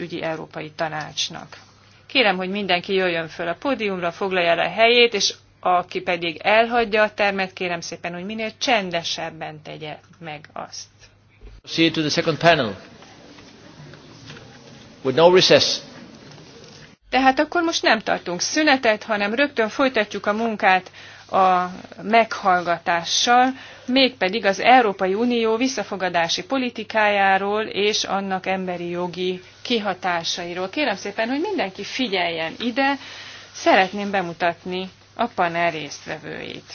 ügyi európai tanácsnak. Kérem, hogy mindenki jöjjön föl a pódiumra, foglalja el a helyét, és aki pedig elhagyja a termet, kérem szépen, hogy minél csendesebben tegye meg azt. See to the second panel. With no recess. Tehát akkor most nem tartunk szünetet, hanem rögtön folytatjuk a munkát a meghallgatással, mégpedig az Európai Unió visszafogadási politikájáról és annak emberi jogi kihatásairól. Kérem szépen, hogy mindenki figyeljen ide, szeretném bemutatni a panel résztvevőit.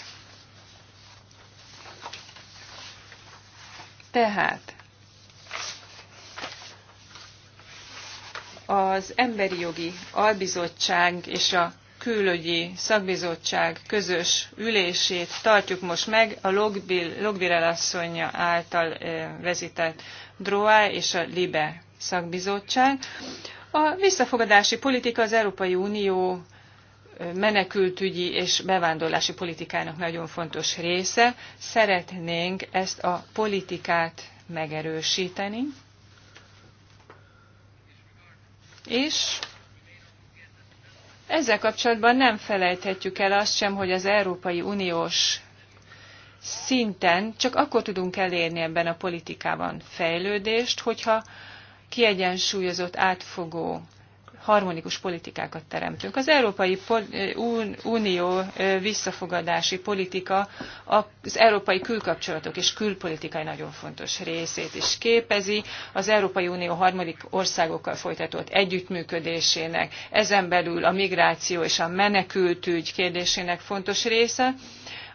Tehát az Emberi Jogi Albizottság és a külügyi szakbizottság közös ülését tartjuk most meg a Logbirel asszonya által vezetett DROA és a LIBE szakbizottság. A visszafogadási politika az Európai Unió menekültügyi és bevándorlási politikának nagyon fontos része. Szeretnénk ezt a politikát megerősíteni. És ezzel kapcsolatban nem felejthetjük el azt sem, hogy az Európai Uniós szinten csak akkor tudunk elérni ebben a politikában fejlődést, hogyha kiegyensúlyozott, átfogó harmonikus politikákat teremtünk. Az Európai Unió visszafogadási politika az európai külkapcsolatok és külpolitikai nagyon fontos részét is képezi, az Európai Unió harmadik országokkal folytatott együttműködésének, ezen belül a migráció és a menekültügy kérdésének fontos része,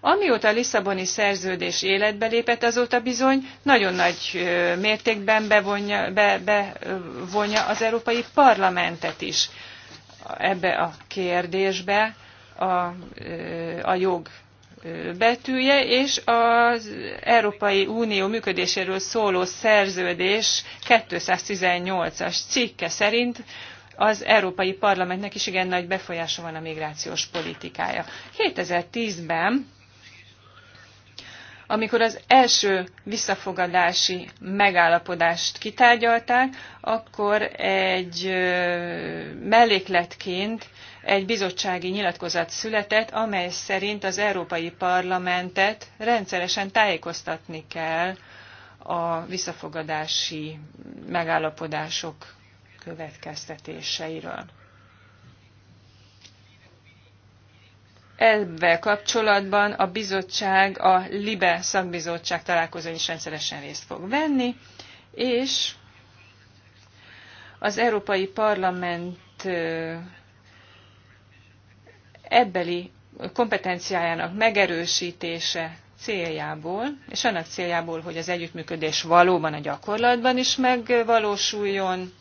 Amióta a Lisszaboni szerződés életbe lépett, azóta bizony nagyon nagy mértékben bevonja, be, bevonja az Európai Parlamentet is ebbe a kérdésbe a, a jog betűje, és az Európai Unió működéséről szóló szerződés 218-as cikke szerint az Európai Parlamentnek is igen nagy befolyása van a migrációs politikája. 2010-ben amikor az első visszafogadási megállapodást kitárgyalták, akkor egy mellékletként egy bizottsági nyilatkozat született, amely szerint az Európai Parlamentet rendszeresen tájékoztatni kell a visszafogadási megállapodások következtetéseiről. Ebben kapcsolatban a bizottság, a LIBE szakbizottság találkozón is rendszeresen részt fog venni, és az Európai Parlament ebbeli kompetenciájának megerősítése céljából, és annak céljából, hogy az együttműködés valóban a gyakorlatban is megvalósuljon,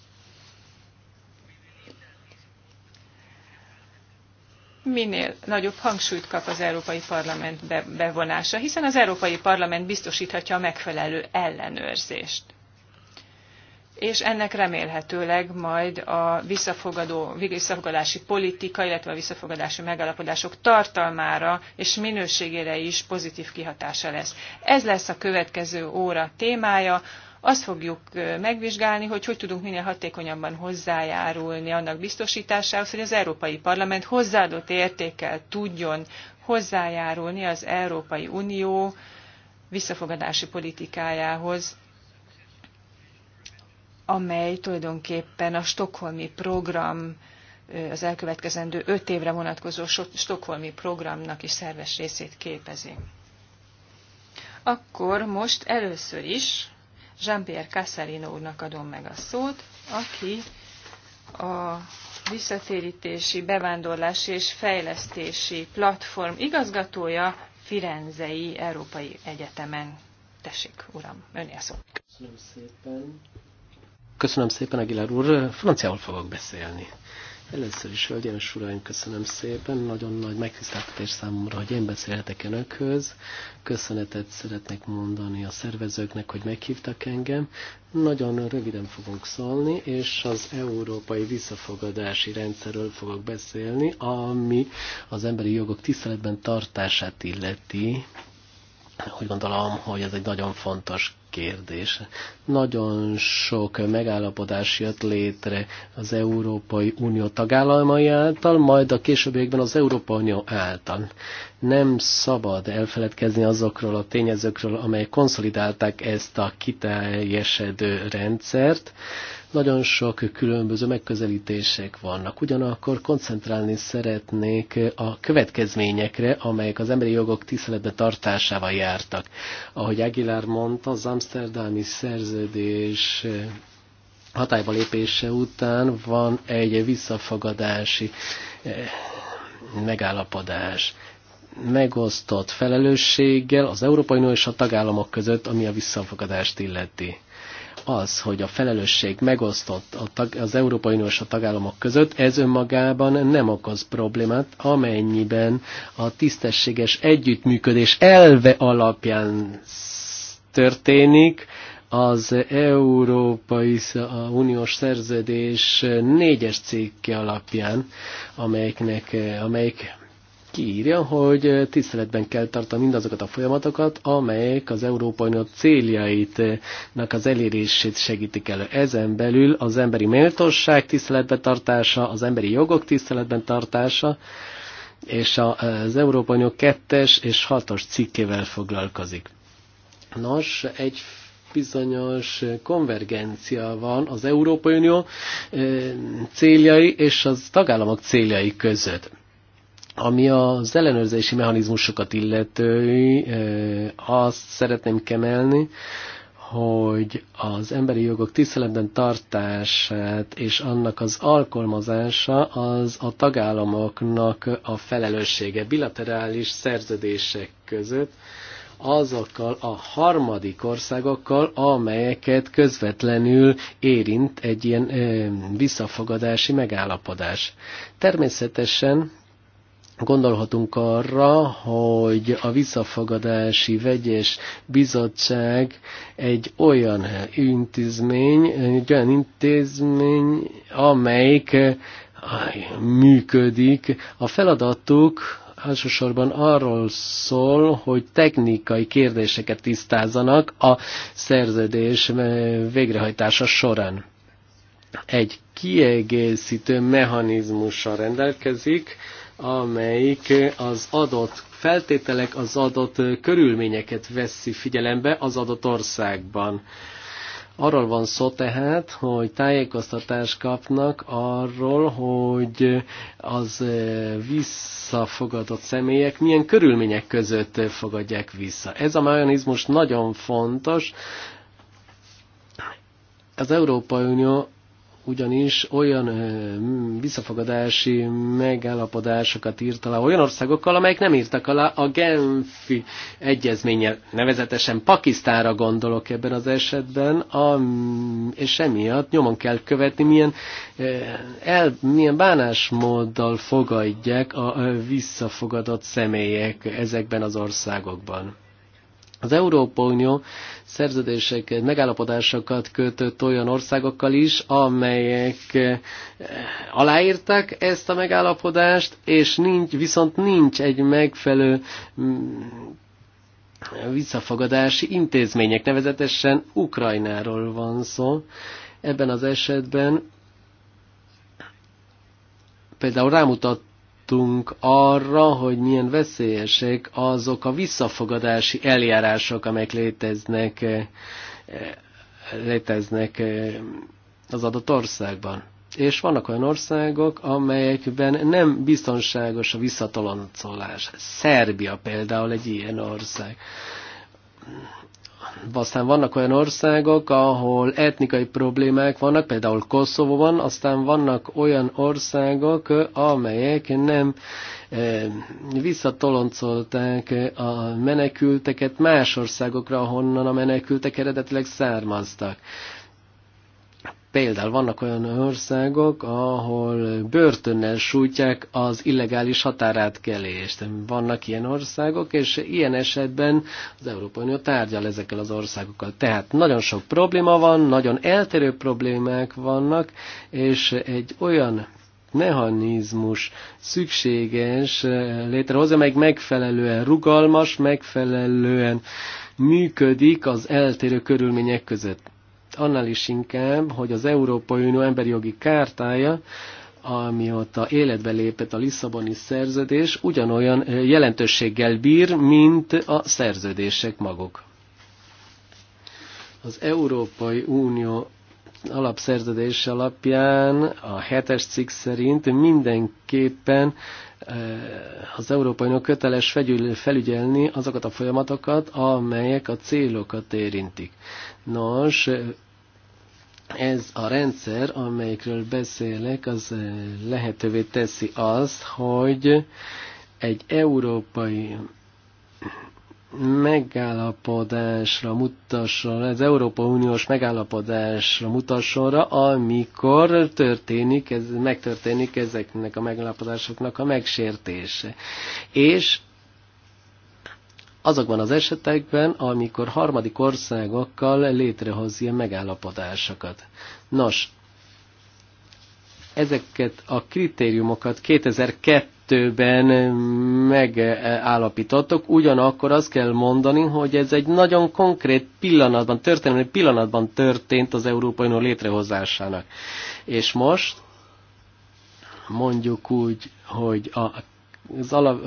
minél nagyobb hangsúlyt kap az Európai Parlament be bevonása, hiszen az Európai Parlament biztosíthatja a megfelelő ellenőrzést. És ennek remélhetőleg majd a visszafogadó, visszafogadási politika, illetve a visszafogadási megállapodások tartalmára és minőségére is pozitív kihatása lesz. Ez lesz a következő óra témája azt fogjuk megvizsgálni, hogy hogy tudunk minél hatékonyabban hozzájárulni annak biztosításához, hogy az Európai Parlament hozzáadott értékkel tudjon hozzájárulni az Európai Unió visszafogadási politikájához, amely tulajdonképpen a stokholmi program az elkövetkezendő öt évre vonatkozó stokholmi programnak is szerves részét képezi. Akkor most először is Jean-Pierre Casserino úrnak adom meg a szót, aki a visszatérítési, bevándorlási és fejlesztési platform igazgatója Firenzei Európai Egyetemen. Tessék, uram, önél szó. Köszönöm szépen. Köszönöm szépen, Aguilar úr. Franciául fogok beszélni. Először is, hölgyeim és uraim, köszönöm szépen. Nagyon nagy megtiszteltetés számomra, hogy én beszélhetek önökhöz. Köszönetet szeretnék mondani a szervezőknek, hogy meghívtak engem. Nagyon röviden fogunk szólni, és az európai visszafogadási rendszerről fogok beszélni, ami az emberi jogok tiszteletben tartását illeti úgy gondolom, hogy ez egy nagyon fontos kérdés. Nagyon sok megállapodás jött létre az Európai Unió tagállamai által, majd a későbbiekben az Európai Unió által. Nem szabad elfeledkezni azokról a tényezőkről, amelyek konszolidálták ezt a kiteljesedő rendszert, nagyon sok különböző megközelítések vannak, ugyanakkor koncentrálni szeretnék a következményekre, amelyek az emberi jogok tiszteletbe tartásával jártak. Ahogy Aguilar mondta, az Amsterdami szerződés hatályba lépése után van egy visszafogadási eh, megállapodás megosztott felelősséggel az Európai Unió és a tagállamok között, ami a visszafogadást illeti az, hogy a felelősség megosztott a tag, az Európai Uniós a tagállamok között, ez önmagában nem okoz problémát, amennyiben a tisztességes együttműködés elve alapján történik, az Európai Uniós Szerződés négyes cikke alapján, amelyiknek, amelyik kiírja, hogy tiszteletben kell tartani mindazokat a folyamatokat, amelyek az Európai Unió céljaitnak az elérését segítik elő. Ezen belül az emberi méltóság tiszteletben tartása, az emberi jogok tiszteletben tartása, és az Európai Unió 2 és 6-os cikkével foglalkozik. Nos, egy bizonyos konvergencia van az Európai Unió eh, céljai és az tagállamok céljai között. Ami az ellenőrzési mechanizmusokat illetői, azt szeretném kemelni, hogy az emberi jogok tiszteletben tartását és annak az alkalmazása az a tagállamoknak a felelőssége bilaterális szerződések között azokkal a harmadik országokkal, amelyeket közvetlenül érint egy ilyen ö, visszafogadási megállapodás. Természetesen gondolhatunk arra, hogy a visszafogadási vegyes bizottság egy olyan intézmény, egy olyan intézmény, amelyik működik. A feladatuk elsősorban arról szól, hogy technikai kérdéseket tisztázanak a szerződés végrehajtása során. Egy kiegészítő mechanizmussal rendelkezik, amelyik az adott feltételek, az adott körülményeket veszi figyelembe az adott országban. Arról van szó tehát, hogy tájékoztatást kapnak arról, hogy az eh, visszafogadott személyek milyen körülmények között fogadják vissza. Ez a majonizmus nagyon fontos. Az Európai Unió ugyanis olyan visszafogadási megállapodásokat írt alá olyan országokkal, amelyek nem írtak alá a Genfi egyezménnyel. Nevezetesen Pakisztánra gondolok ebben az esetben, a, és emiatt nyomon kell követni, milyen, el, milyen bánásmóddal fogadják a visszafogadott személyek ezekben az országokban. Az Európa Unió szerződéseket, megállapodásokat kötött olyan országokkal is, amelyek eh, aláírták ezt a megállapodást, és nincs, viszont nincs egy megfelelő mm, visszafogadási intézmények, nevezetesen Ukrajnáról van szó. Ebben az esetben például rámutat rámutattunk arra, hogy milyen veszélyesek azok a visszafogadási eljárások, amelyek léteznek, eh, léteznek eh, az adott országban. És vannak olyan országok, amelyekben nem biztonságos a visszatoloncolás. Szerbia például egy ilyen ország aztán vannak olyan országok, ahol etnikai problémák vannak, például Koszovóban, aztán vannak olyan országok, amelyek nem eh, visszatoloncolták a menekülteket más országokra, ahonnan a menekültek eredetileg származtak. Például vannak olyan országok, ahol börtönnel sújtják az illegális határátkelést. Vannak ilyen országok, és ilyen esetben az Európai Unió tárgyal ezekkel az országokkal. Tehát nagyon sok probléma van, nagyon eltérő problémák vannak, és egy olyan mechanizmus szükséges eh, létrehozni, amelyik megfelelően rugalmas, megfelelően működik az eltérő körülmények között annál is inkább, hogy az Európai Unió emberi jogi kártája, amióta életbe lépett a Lisszaboni szerződés, ugyanolyan jelentőséggel bír, mint a szerződések maguk. Az Európai Unió alapszerződés alapján a hetes cikk szerint mindenképpen Eh, az Európai Unió köteles felügyelni azokat a folyamatokat, amelyek a célokat érintik. Nos, ez a rendszer, amelyikről beszélek, az eh, lehetővé teszi azt, hogy egy európai megállapodásra mutasson, az Európa Uniós megállapodásra mutassonra, amikor történik, ez, megtörténik ezeknek a megállapodásoknak a megsértése. És azokban az esetekben, amikor harmadik országokkal létrehoz ilyen megállapodásokat. Nos, ezeket a kritériumokat 2002 kettőben megállapítottok, ugyanakkor azt kell mondani, hogy ez egy nagyon konkrét pillanatban, történelmi pillanatban történt az Európai Unió létrehozásának. És most mondjuk úgy, hogy a, az, alap,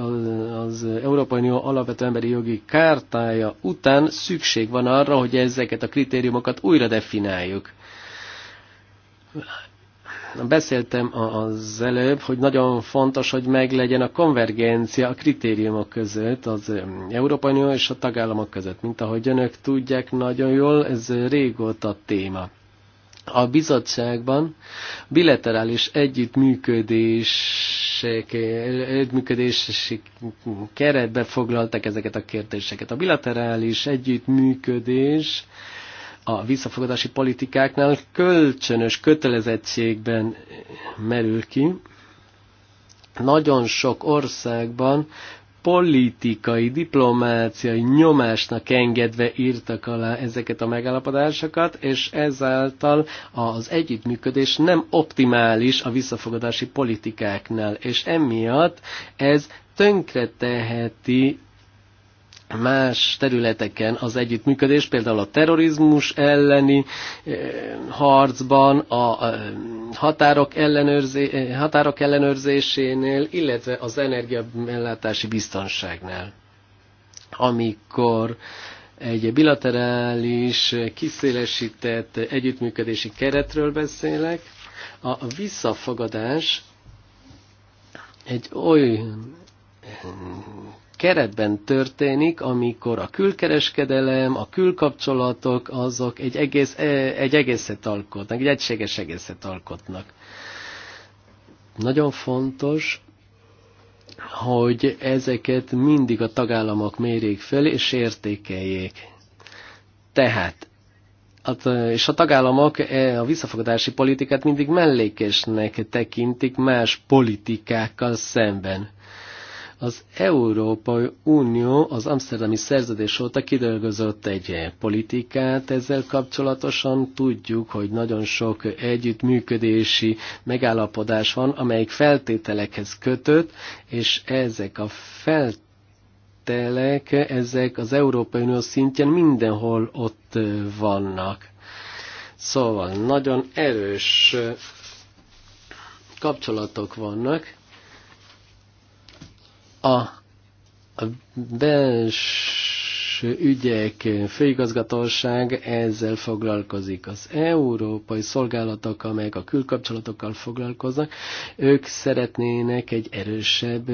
az Európai Unió alapvető emberi jogi kártája után szükség van arra, hogy ezeket a kritériumokat újra defináljuk Beszéltem az előbb, hogy nagyon fontos, hogy meglegyen a konvergencia a kritériumok között, az Európai Unió és a tagállamok között. Mint ahogy önök tudják nagyon jól, ez régóta téma. A bizottságban bilaterális együttműködési keretbe foglaltak ezeket a kérdéseket. A bilaterális együttműködés a visszafogadási politikáknál kölcsönös kötelezettségben merül ki. Nagyon sok országban politikai, diplomáciai nyomásnak engedve írtak alá ezeket a megállapodásokat, és ezáltal az együttműködés nem optimális a visszafogadási politikáknál, és emiatt ez tönkreteheti más területeken az együttműködés, például a terrorizmus elleni eh, harcban, a határok, ellenőrzé, eh, határok ellenőrzésénél, illetve az energiaellátási biztonságnál. Amikor egy bilaterális, kiszélesített együttműködési keretről beszélek, a visszafogadás egy olyan keretben történik, amikor a külkereskedelem, a külkapcsolatok, azok egy, egész, e, egy egészet alkotnak, egy egységes egészet alkotnak. Nagyon fontos, hogy ezeket mindig a tagállamok mérjék fel és értékeljék. Tehát hát, és a tagállamok e, a visszafogadási politikát mindig mellékesnek tekintik más politikákkal szemben. Az Európai Unió az Amsterdami szerződés óta kidolgozott egy politikát, ezzel kapcsolatosan tudjuk, hogy nagyon sok együttműködési megállapodás van, amelyik feltételekhez kötött, és ezek a feltételek feltételek, ezek az Európai Unió szintjén mindenhol ott vannak. Szóval nagyon erős kapcsolatok vannak, a belső ügyek főigazgatóság ezzel foglalkozik. Az európai szolgálatok, amelyek a külkapcsolatokkal foglalkoznak, ők szeretnének egy erősebb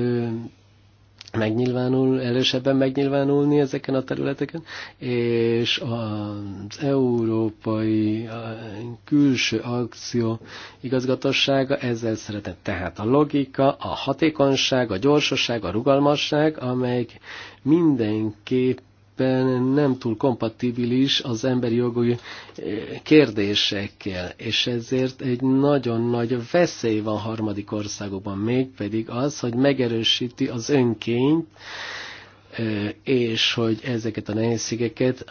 megnyilvánul, erősebben megnyilvánulni ezeken a területeken, és az európai külső akció igazgatossága ezzel szeretett. Tehát a logika, a hatékonyság, a gyorsaság, a rugalmasság, amely mindenképp éppen nem túl kompatibilis az emberi jogi eh, kérdésekkel, és ezért egy nagyon nagy veszély van harmadik országokban, mégpedig az, hogy megerősíti az önkényt, eh, és hogy ezeket a nehézségeket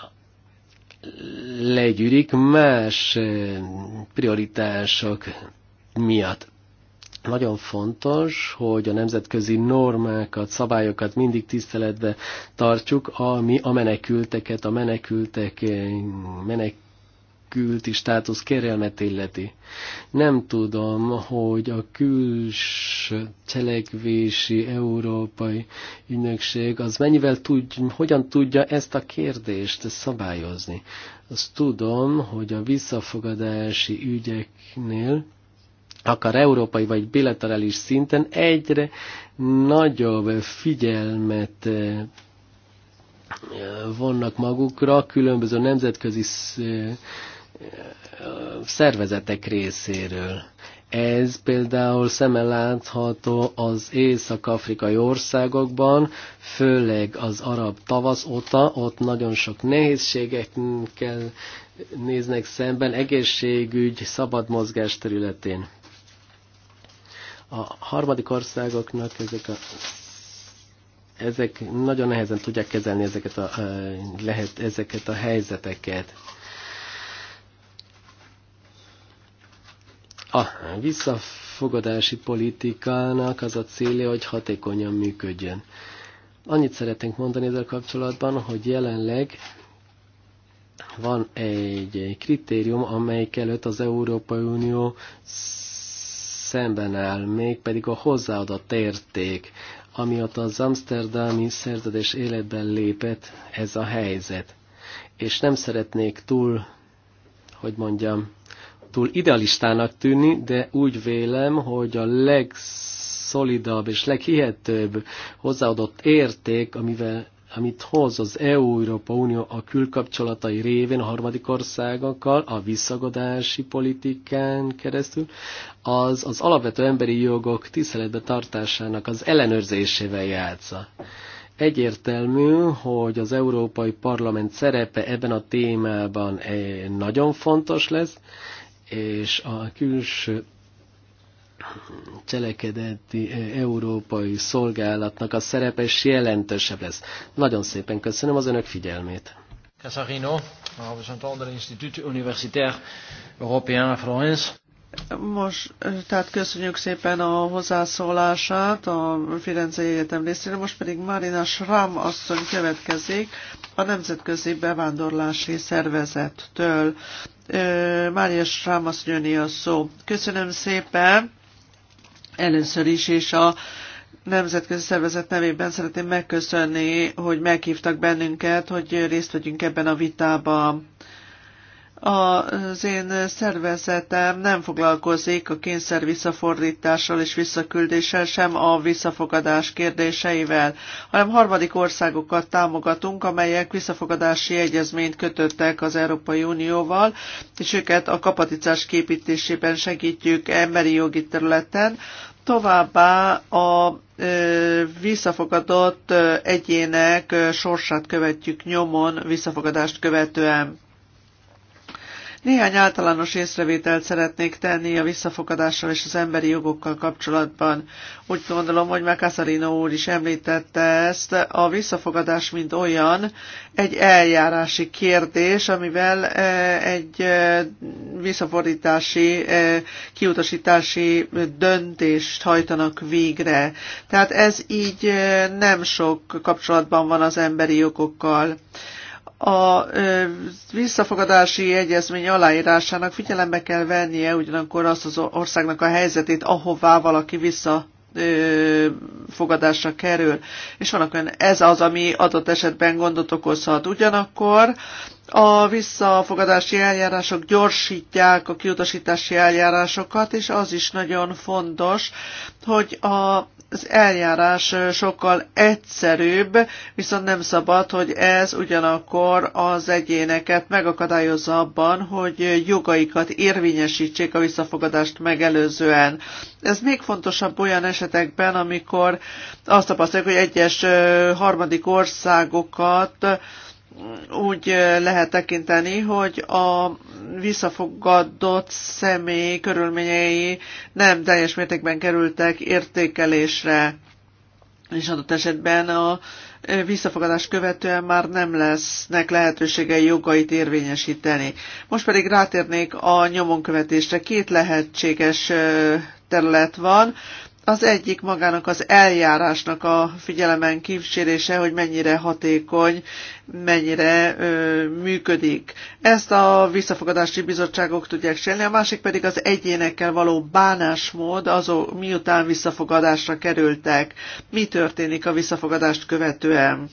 legyűrik más eh, prioritások miatt. Nagyon fontos, hogy a nemzetközi normákat, szabályokat mindig tiszteletbe tartsuk, ami a menekülteket, a menekültek menek külti státusz kérelmet illeti. Nem tudom, hogy a külső cselekvési európai ügynökség az mennyivel tud, hogyan tudja ezt a kérdést szabályozni. Azt tudom, hogy a visszafogadási ügyeknél akár európai vagy bilaterális szinten egyre nagyobb figyelmet eh, vannak magukra különböző nemzetközi eh, szervezetek részéről. Ez például szemmel látható az észak-afrikai országokban, főleg az arab tavasz óta, ott nagyon sok nehézségekkel néznek szemben egészségügy, szabad mozgás területén. A harmadik országoknak ezek a ezek nagyon nehezen tudják kezelni ezeket a, lehet, ezeket a helyzeteket. A visszafogadási politikának az a célja, hogy hatékonyan működjön. Annyit szeretnénk mondani ezzel kapcsolatban, hogy jelenleg van egy kritérium, amelyik előtt az Európai Unió szemben áll, mégpedig a hozzáadott érték, amiatt az amsterdami szerződés életben lépett, ez a helyzet. És nem szeretnék túl, hogy mondjam, túl idealistának tűnni, de úgy vélem, hogy a legszolidabb és leghihetőbb hozzáadott érték, amivel amit hoz az EU-Európa Unió a külkapcsolatai révén a harmadik országokkal, a visszagadási politikán keresztül, az az alapvető emberi jogok tiszteletbe tartásának az ellenőrzésével játsza. Egyértelmű, hogy az Európai Parlament szerepe ebben a témában eh, nagyon fontos lesz, és a külső cselekedeti eh, európai szolgálatnak a szerepe is jelentősebb lesz. Nagyon szépen köszönöm az önök figyelmét. Casarino, a de Institut Universitaire Européen à Florence. Most, tehát köszönjük szépen a hozzászólását a Firenze Egyetem részéről, most pedig Marina Schramm asszony következik a Nemzetközi Bevándorlási Szervezettől. Eh, Mária Schramm asszony a szó. Köszönöm szépen! először is, és a nemzetközi szervezet nevében szeretném megköszönni, hogy meghívtak bennünket, hogy részt vegyünk ebben a vitában. Az én szervezetem nem foglalkozik a kényszer visszafordítással és visszaküldéssel, sem a visszafogadás kérdéseivel, hanem harmadik országokat támogatunk, amelyek visszafogadási egyezményt kötöttek az Európai Unióval, és őket a kapacitás képítésében segítjük emberi jogi területen, Továbbá a visszafogadott egyének sorsát követjük nyomon visszafogadást követően. Néhány általános észrevételt szeretnék tenni a visszafogadással és az emberi jogokkal kapcsolatban. Úgy gondolom, hogy már úr is említette ezt, a visszafogadás mint olyan egy eljárási kérdés, amivel e, egy e, visszafordítási, e, kiutasítási döntést hajtanak végre. Tehát ez így nem sok kapcsolatban van az emberi jogokkal a visszafogadási egyezmény aláírásának figyelembe kell vennie ugyanakkor azt az országnak a helyzetét, ahová valaki vissza fogadásra kerül. És vannak olyan, ez az, ami adott esetben gondot okozhat. Ugyanakkor a visszafogadási eljárások gyorsítják a kiutasítási eljárásokat, és az is nagyon fontos, hogy a az eljárás sokkal egyszerűbb, viszont nem szabad, hogy ez ugyanakkor az egyéneket megakadályozza abban, hogy jogaikat érvényesítsék a visszafogadást megelőzően. Ez még fontosabb olyan esetekben, amikor azt tapasztaljuk, hogy egyes harmadik országokat úgy lehet tekinteni, hogy a visszafogadott személy körülményei nem teljes mértékben kerültek értékelésre, és adott esetben a visszafogadás követően már nem lesznek lehetőségei jogait érvényesíteni. Most pedig rátérnék a nyomonkövetésre. Két lehetséges terület van. Az egyik magának az eljárásnak a figyelemen kívsérése, hogy mennyire hatékony, mennyire ö, működik. Ezt a visszafogadási bizottságok tudják csinálni, a másik pedig az egyénekkel való bánásmód, azok miután visszafogadásra kerültek. Mi történik a visszafogadást követően?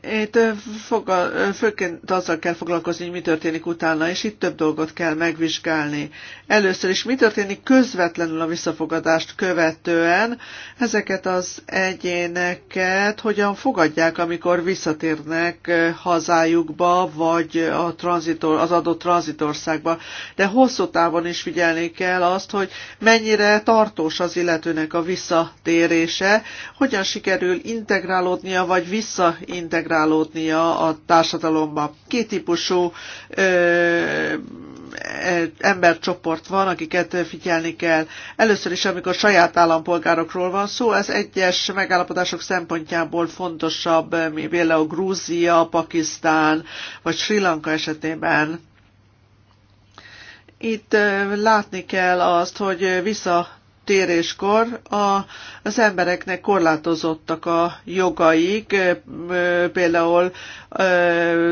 Itt fogal, főként azzal kell foglalkozni, hogy mi történik utána, és itt több dolgot kell megvizsgálni. Először is mi történik közvetlenül a visszafogadást követően, ezeket az egyéneket hogyan fogadják, amikor visszatérnek hazájukba, vagy a tranzitor, az adott tranzitországba. De hosszú távon is figyelni kell azt, hogy mennyire tartós az illetőnek a visszatérése, hogyan sikerül integrálódnia, vagy visszaintegrálódnia integrálódnia a társadalomba. Két típusú ö, embercsoport van, akiket figyelni kell. Először is, amikor saját állampolgárokról van szó, ez egyes megállapodások szempontjából fontosabb, mint például Grúzia, Pakisztán vagy Sri Lanka esetében. Itt látni kell azt, hogy vissza téréskor a, az embereknek korlátozottak a jogaik, például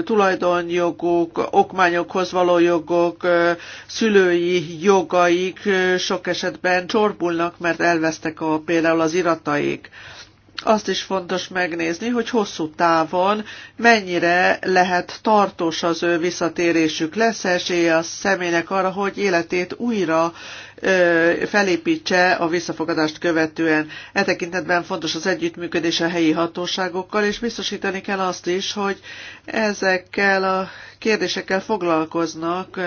tulajdonjoguk, okmányokhoz való jogok, szülői jogaik sok esetben csorbulnak, mert elvesztek a, például az irataik azt is fontos megnézni, hogy hosszú távon mennyire lehet tartós az ő visszatérésük. Lesz esélye a személynek arra, hogy életét újra felépítse a visszafogadást követően. E tekintetben fontos az együttműködés a helyi hatóságokkal, és biztosítani kell azt is, hogy ezekkel a kérdésekkel foglalkoznak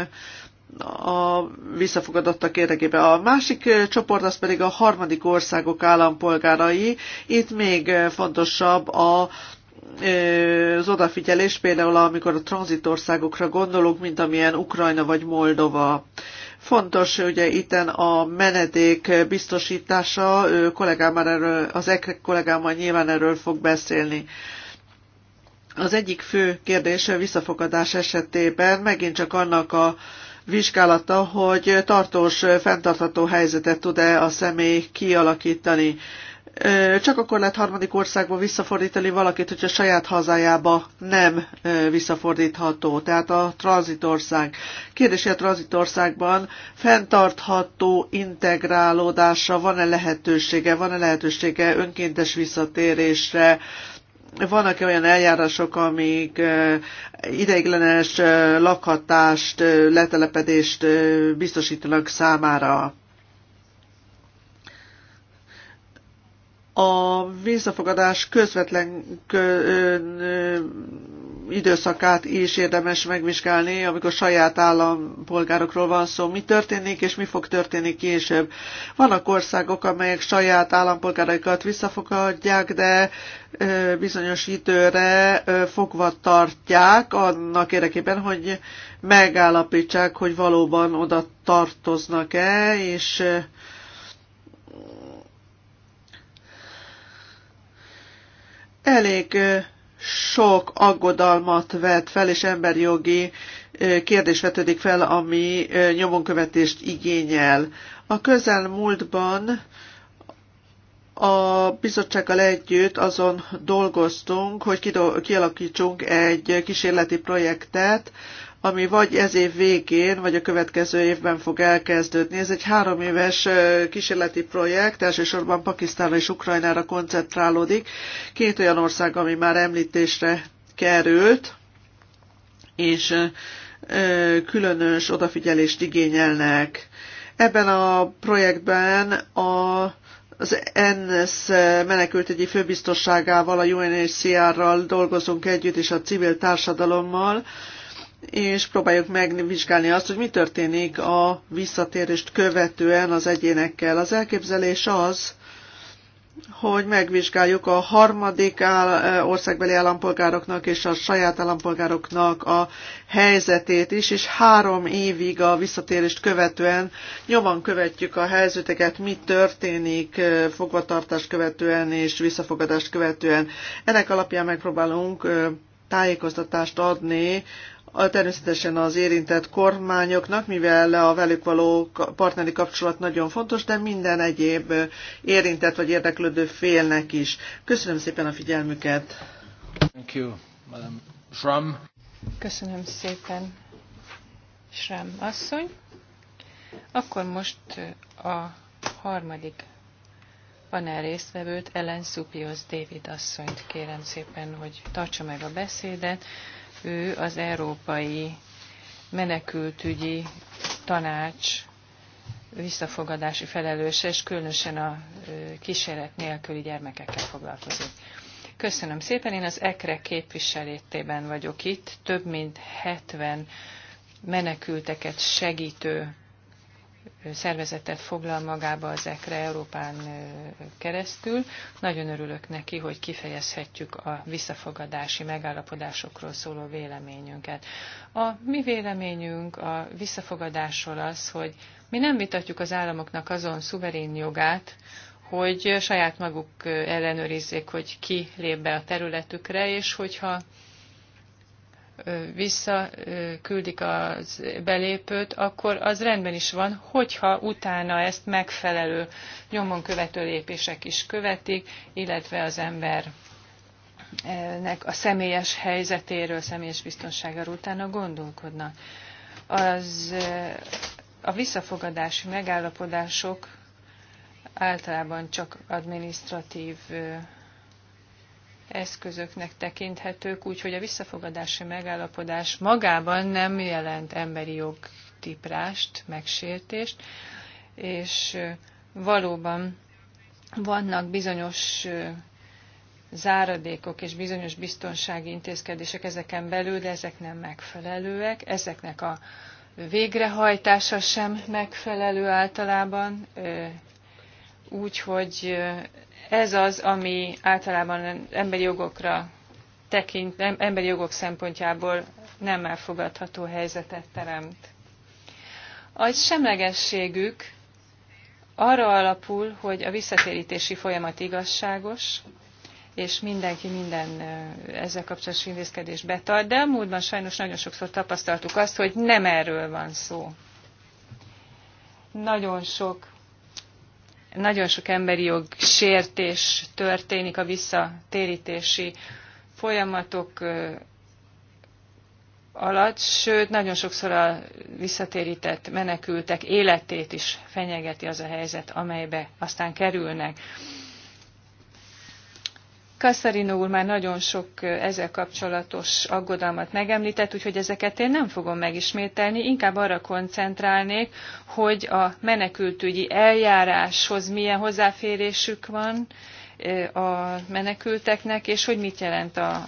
a visszafogadottak érdekében. A másik csoport az pedig a harmadik országok állampolgárai. Itt még fontosabb a az odafigyelés, például amikor a tranzitországokra gondolunk, mint amilyen Ukrajna vagy Moldova. Fontos ugye itten a menedék biztosítása, kollégám már erről, az EKREK kollégám már nyilván erről fog beszélni. Az egyik fő kérdés a visszafogadás esetében megint csak annak a vizsgálata, hogy tartós, fenntartható helyzetet tud-e a személy kialakítani csak akkor lehet harmadik országba visszafordítani valakit, hogyha saját hazájába nem visszafordítható, tehát a tranzitország. Kérdés, hogy a tranzitországban fenntartható integrálódása van-e lehetősége, van-e lehetősége önkéntes visszatérésre, vannak -e olyan eljárások, amik ideiglenes lakhatást, letelepedést biztosítanak számára? a visszafogadás közvetlen kö, ö, ö, időszakát is érdemes megvizsgálni, amikor saját állampolgárokról van szó, mi történik és mi fog történni később. Vannak országok, amelyek saját állampolgáraikat visszafogadják, de ö, bizonyos időre ö, fogva tartják annak érdekében, hogy megállapítsák, hogy valóban oda tartoznak-e, és ö, elég sok aggodalmat vet fel, és emberjogi kérdés vetődik fel, ami nyomonkövetést igényel. A közelmúltban a bizottsággal együtt azon dolgoztunk, hogy kialakítsunk egy kísérleti projektet, ami vagy ez év végén, vagy a következő évben fog elkezdődni. Ez egy három éves kísérleti projekt, elsősorban Pakisztánra és Ukrajnára koncentrálódik. Két olyan ország, ami már említésre került, és különös odafigyelést igényelnek. Ebben a projektben a az ENSZ menekültügyi főbiztosságával, a UNHCR-ral dolgozunk együtt, és a civil társadalommal, és próbáljuk megvizsgálni azt, hogy mi történik a visszatérést követően az egyénekkel. Az elképzelés az, hogy megvizsgáljuk a harmadik áll, országbeli állampolgároknak és a saját állampolgároknak a helyzetét is, és három évig a visszatérést követően nyomon követjük a helyzeteket, mi történik fogvatartást követően és visszafogadást követően. Ennek alapján megpróbálunk tájékoztatást adni a, természetesen az érintett kormányoknak, mivel a velük való partneri kapcsolat nagyon fontos, de minden egyéb érintett vagy érdeklődő félnek is. Köszönöm szépen a figyelmüket. Thank you, Madam Schramm. Köszönöm szépen, Schramm asszony. Akkor most a harmadik panel résztvevőt, Ellen Szupios David asszonyt kérem szépen, hogy tartsa meg a beszédet. Ő az Európai Menekültügyi Tanács visszafogadási felelőse, és különösen a kísérlet nélküli gyermekekkel foglalkozik. Köszönöm szépen, én az EKRE képviselétében vagyok itt. Több mint 70 menekülteket segítő szervezetet foglal magába az EKRE Európán keresztül. Nagyon örülök neki, hogy kifejezhetjük a visszafogadási megállapodásokról szóló véleményünket. A mi véleményünk a visszafogadásról az, hogy mi nem vitatjuk az államoknak azon szuverén jogát, hogy saját maguk ellenőrizzék, hogy ki lép be a területükre, és hogyha visszaküldik az belépőt, akkor az rendben is van, hogyha utána ezt megfelelő nyomon követő lépések is követik, illetve az embernek a személyes helyzetéről, személyes biztonságáról utána gondolkodnak. Az a visszafogadási megállapodások általában csak administratív eszközöknek tekinthetők, úgyhogy a visszafogadási megállapodás magában nem jelent emberi jogtiprást, megsértést, és valóban vannak bizonyos záradékok és bizonyos biztonsági intézkedések ezeken belül, de ezek nem megfelelőek. Ezeknek a végrehajtása sem megfelelő általában, Úgyhogy ez az, ami általában emberi jogokra tekint, emberi jogok szempontjából nem elfogadható helyzetet teremt. A semlegességük arra alapul, hogy a visszatérítési folyamat igazságos, és mindenki minden ezzel kapcsolatos intézkedést betart, de a múltban sajnos nagyon sokszor tapasztaltuk azt, hogy nem erről van szó. Nagyon sok nagyon sok emberi jog sértés történik a visszatérítési folyamatok alatt, sőt, nagyon sokszor a visszatérített menekültek életét is fenyegeti az a helyzet, amelybe aztán kerülnek. Kasszarin úr már nagyon sok ezzel kapcsolatos aggodalmat megemlített, úgyhogy ezeket én nem fogom megismételni, inkább arra koncentrálnék, hogy a menekültügyi eljáráshoz milyen hozzáférésük van a menekülteknek, és hogy mit jelent a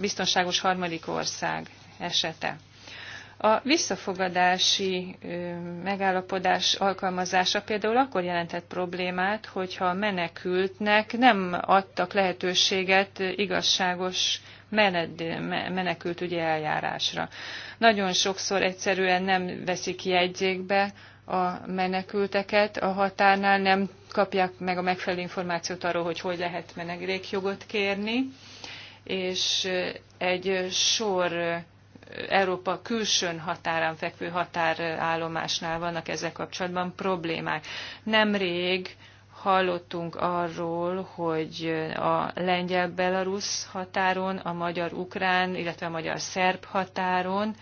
biztonságos harmadik ország esete. A visszafogadási megállapodás alkalmazása például akkor jelentett problémát, hogyha a menekültnek nem adtak lehetőséget igazságos menekültügyi eljárásra. Nagyon sokszor egyszerűen nem veszik jegyzékbe a menekülteket a határnál, nem kapják meg a megfelelő információt arról, hogy hogy lehet menedékjogot kérni, és egy sor Európa külsőn határán fekvő határállomásnál vannak ezzel kapcsolatban problémák. Nemrég hallottunk arról, hogy a lengyel-belarusz határon, a magyar-ukrán, illetve a magyar-szerb határon,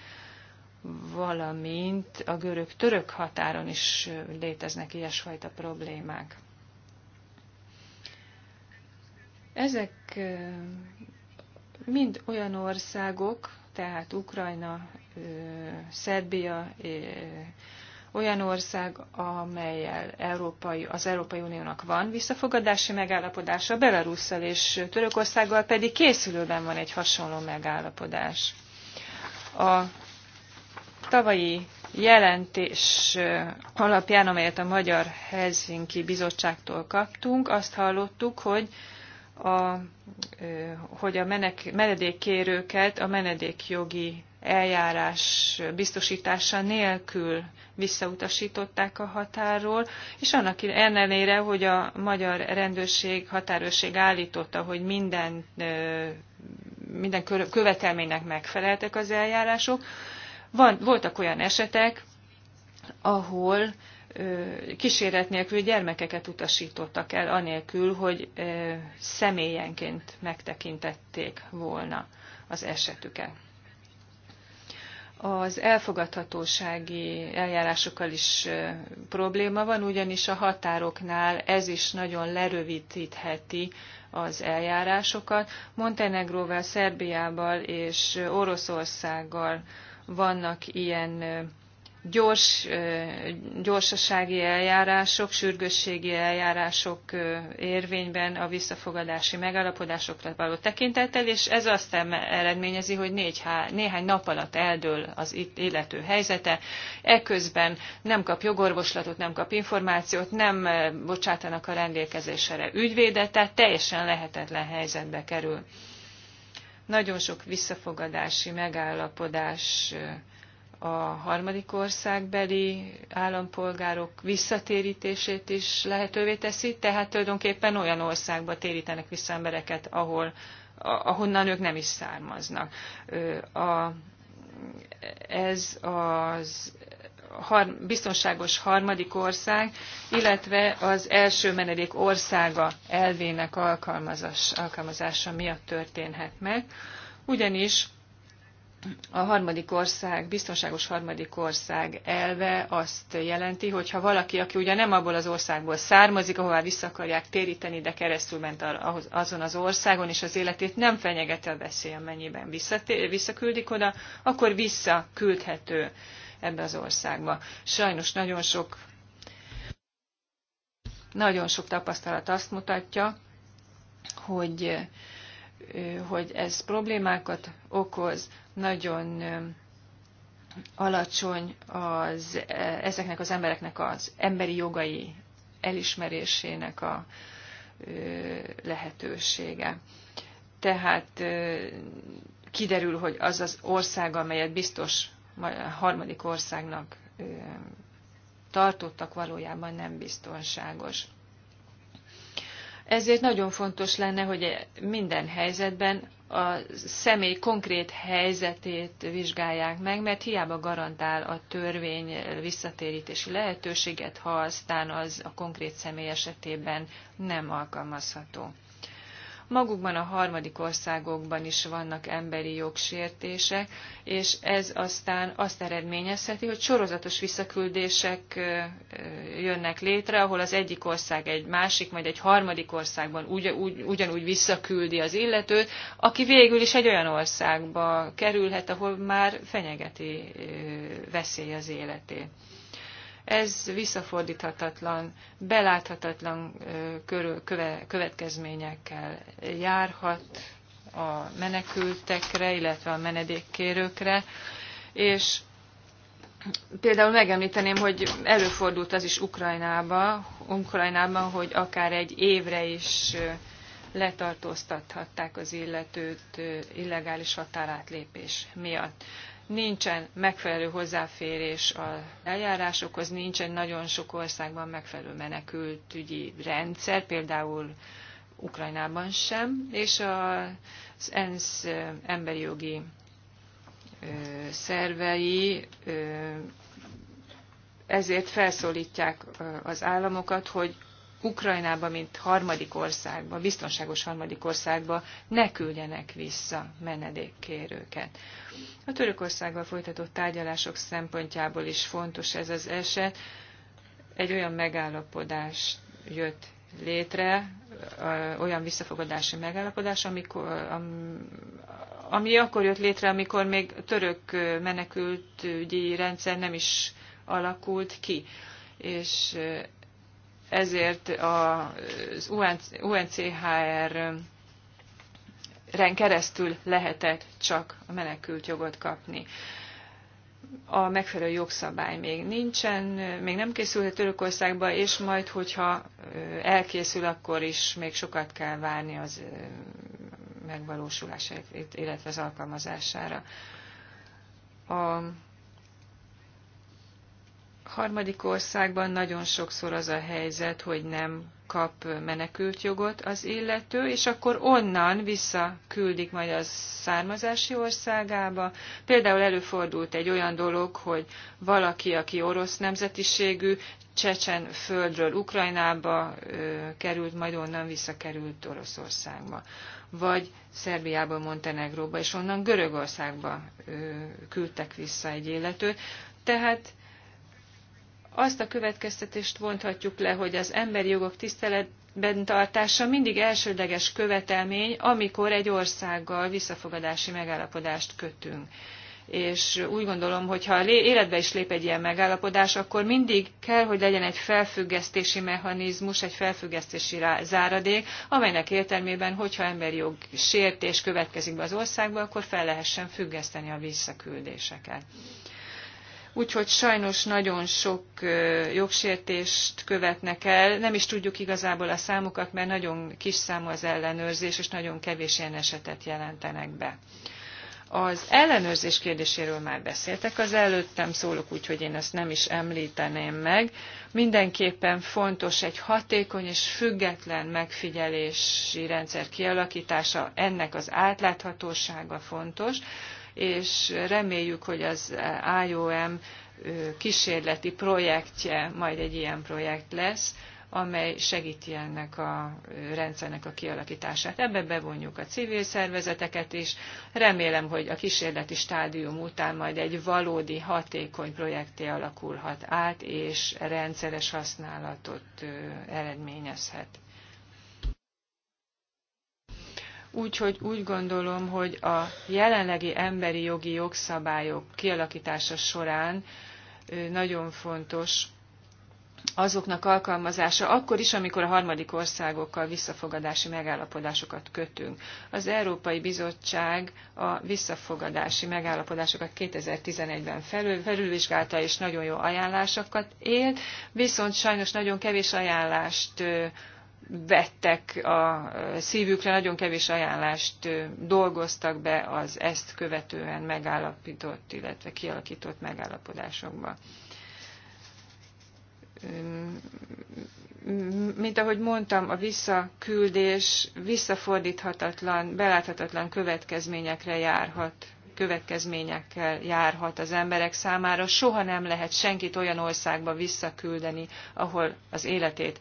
valamint a görög-török határon is léteznek ilyesfajta problémák. Ezek mind olyan országok, tehát Ukrajna, Szerbia olyan ország, amelyel Európai, az Európai Uniónak van visszafogadási megállapodása, Belarusszal és Törökországgal pedig készülőben van egy hasonló megállapodás. A tavalyi jelentés alapján, amelyet a Magyar Helsinki Bizottságtól kaptunk, azt hallottuk, hogy a, hogy a menek, menedékkérőket a menedékjogi eljárás biztosítása nélkül visszautasították a határól, és annak ellenére, hogy a magyar rendőrség, határőrség állította, hogy minden, minden követelménynek megfeleltek az eljárások, Van, voltak olyan esetek, ahol kíséret nélkül gyermekeket utasítottak el, anélkül, hogy személyenként megtekintették volna az esetüket. Az elfogadhatósági eljárásokkal is probléma van, ugyanis a határoknál ez is nagyon lerövidítheti az eljárásokat. Montenegróval, Szerbiával és Oroszországgal vannak ilyen gyors, gyorsasági eljárások, sürgősségi eljárások érvényben a visszafogadási megalapodásokra való tekintettel, és ez azt eredményezi, hogy négy, néhány nap alatt eldől az itt illető helyzete, eközben nem kap jogorvoslatot, nem kap információt, nem bocsátanak a rendelkezésre ügyvédet, tehát teljesen lehetetlen helyzetbe kerül. Nagyon sok visszafogadási megállapodás a harmadik országbeli állampolgárok visszatérítését is lehetővé teszi, tehát tulajdonképpen olyan országba térítenek vissza embereket, ahol, ahonnan ők nem is származnak. A, ez az har, biztonságos harmadik ország, illetve az első menedék országa elvének alkalmazása miatt történhet meg, ugyanis a harmadik ország, biztonságos harmadik ország elve azt jelenti, hogy ha valaki, aki ugye nem abból az országból származik, ahová vissza akarják téríteni, de keresztül ment azon az országon, és az életét nem fenyegeti a veszély, amennyiben visszaküldik oda, akkor visszaküldhető ebbe az országba. Sajnos nagyon sok, nagyon sok tapasztalat azt mutatja, hogy hogy ez problémákat okoz, nagyon alacsony az, e, ezeknek az embereknek az emberi jogai elismerésének a lehetősége. Tehát kiderül, hogy az az ország, amelyet biztos harmadik országnak tartottak, valójában nem biztonságos. Ezért nagyon fontos lenne, hogy minden helyzetben a személy konkrét helyzetét vizsgálják meg, mert hiába garantál a törvény visszatérítési lehetőséget, ha aztán az a konkrét személy esetében nem alkalmazható magukban a harmadik országokban is vannak emberi jogsértések, és ez aztán azt eredményezheti, hogy sorozatos visszaküldések jönnek létre, ahol az egyik ország egy másik, majd egy harmadik országban ugy, ugy, ugyanúgy visszaküldi az illetőt, aki végül is egy olyan országba kerülhet, ahol már fenyegeti veszély az életét. Ez visszafordíthatatlan, beláthatatlan körül, köve, következményekkel járhat a menekültekre, illetve a menedékkérőkre, és Például megemlíteném, hogy előfordult az is Ukrajnába, Ukrajnában, hogy akár egy évre is letartóztathatták az illetőt illegális határátlépés miatt nincsen megfelelő hozzáférés az eljárásokhoz, nincsen nagyon sok országban megfelelő menekültügyi rendszer, például Ukrajnában sem, és az ENSZ emberi jogi szervei ezért felszólítják az államokat, hogy Ukrajnába, mint harmadik országba, biztonságos harmadik országba ne küldjenek vissza menedékkérőket. A Törökországgal folytatott tárgyalások szempontjából is fontos ez az eset. Egy olyan megállapodás jött létre, olyan visszafogadási megállapodás, amikor, ami akkor jött létre, amikor még török menekültügyi rendszer nem is alakult ki. És ezért az UNCHR ren keresztül lehetett csak a menekült jogot kapni. A megfelelő jogszabály még nincsen, még nem a Törökországba, és majd, hogyha elkészül, akkor is még sokat kell várni az megvalósulására, illetve az alkalmazására. A harmadik országban nagyon sokszor az a helyzet, hogy nem kap menekült jogot az illető, és akkor onnan visszaküldik majd az származási országába. Például előfordult egy olyan dolog, hogy valaki, aki orosz nemzetiségű, Csecsen földről Ukrajnába ö, került, majd onnan visszakerült Oroszországba, vagy Szerbiából Montenegróba, és onnan Görögországba ö, küldtek vissza egy életőt. Tehát azt a következtetést vonthatjuk le, hogy az emberi jogok tiszteletben tartása mindig elsődleges követelmény, amikor egy országgal visszafogadási megállapodást kötünk. És úgy gondolom, hogy ha életbe is lép egy ilyen megállapodás, akkor mindig kell, hogy legyen egy felfüggesztési mechanizmus, egy felfüggesztési záradék, amelynek értelmében, hogyha emberi jog sértés következik be az országba, akkor fel lehessen függeszteni a visszaküldéseket úgyhogy sajnos nagyon sok jogsértést követnek el. Nem is tudjuk igazából a számokat, mert nagyon kis számú az ellenőrzés, és nagyon kevés ilyen esetet jelentenek be. Az ellenőrzés kérdéséről már beszéltek, az előttem szólok úgy, hogy én ezt nem is említeném meg. Mindenképpen fontos egy hatékony és független megfigyelési rendszer kialakítása, ennek az átláthatósága fontos, és reméljük, hogy az IOM kísérleti projektje majd egy ilyen projekt lesz, amely segíti ennek a rendszernek a kialakítását. Ebbe bevonjuk a civil szervezeteket is. Remélem, hogy a kísérleti stádium után majd egy valódi, hatékony projekté alakulhat át, és rendszeres használatot eredményezhet. Úgyhogy úgy gondolom, hogy a jelenlegi emberi jogi jogszabályok kialakítása során nagyon fontos azoknak alkalmazása akkor is, amikor a harmadik országokkal visszafogadási megállapodásokat kötünk. Az Európai Bizottság a visszafogadási megállapodásokat 2011-ben felül, felülvizsgálta, és nagyon jó ajánlásokat élt, viszont sajnos nagyon kevés ajánlást vettek a szívükre, nagyon kevés ajánlást dolgoztak be az ezt követően megállapított, illetve kialakított megállapodásokba. Mint ahogy mondtam, a visszaküldés visszafordíthatatlan, beláthatatlan következményekre járhat következményekkel járhat az emberek számára. Soha nem lehet senkit olyan országba visszaküldeni, ahol az életét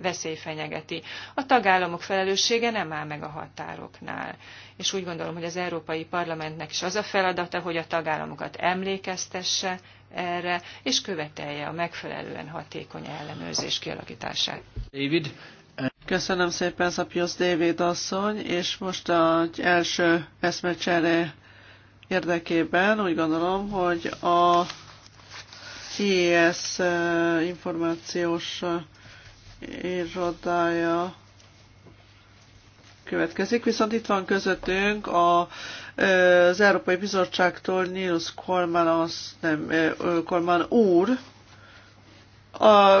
veszély fenyegeti. A tagállamok felelőssége nem áll meg a határoknál. És úgy gondolom, hogy az Európai Parlamentnek is az a feladata, hogy a tagállamokat emlékeztesse erre, és követelje a megfelelően hatékony ellenőrzés kialakítását. David. Eh, Köszönöm szépen, Szapjósz David asszony, és most az első eszmecsere érdekében úgy gondolom, hogy a IES eh, információs irodája következik, viszont itt van közöttünk a, az Európai Bizottságtól Nils Kormán, az, nem, Kormán úr, a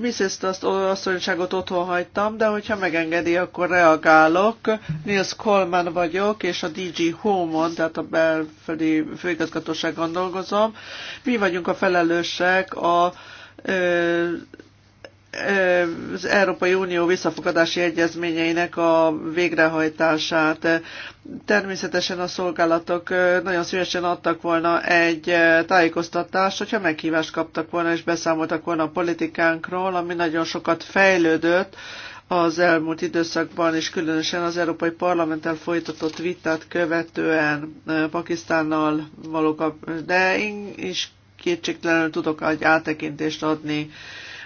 Mrs. azt asszonyságot otthon hagytam, de hogyha megengedi, akkor reagálok. Nils Coleman vagyok, és a DG Home-on, tehát a belföldi főigazgatósággal dolgozom. Mi vagyunk a felelősek a az Európai Unió visszafogadási egyezményeinek a végrehajtását. Természetesen a szolgálatok nagyon szívesen adtak volna egy tájékoztatást, hogyha meghívást kaptak volna és beszámoltak volna a politikánkról, ami nagyon sokat fejlődött az elmúlt időszakban, és különösen az Európai Parlamenttel folytatott vitát követően Pakisztánnal való kap... De én is kétségtelenül tudok egy áttekintést adni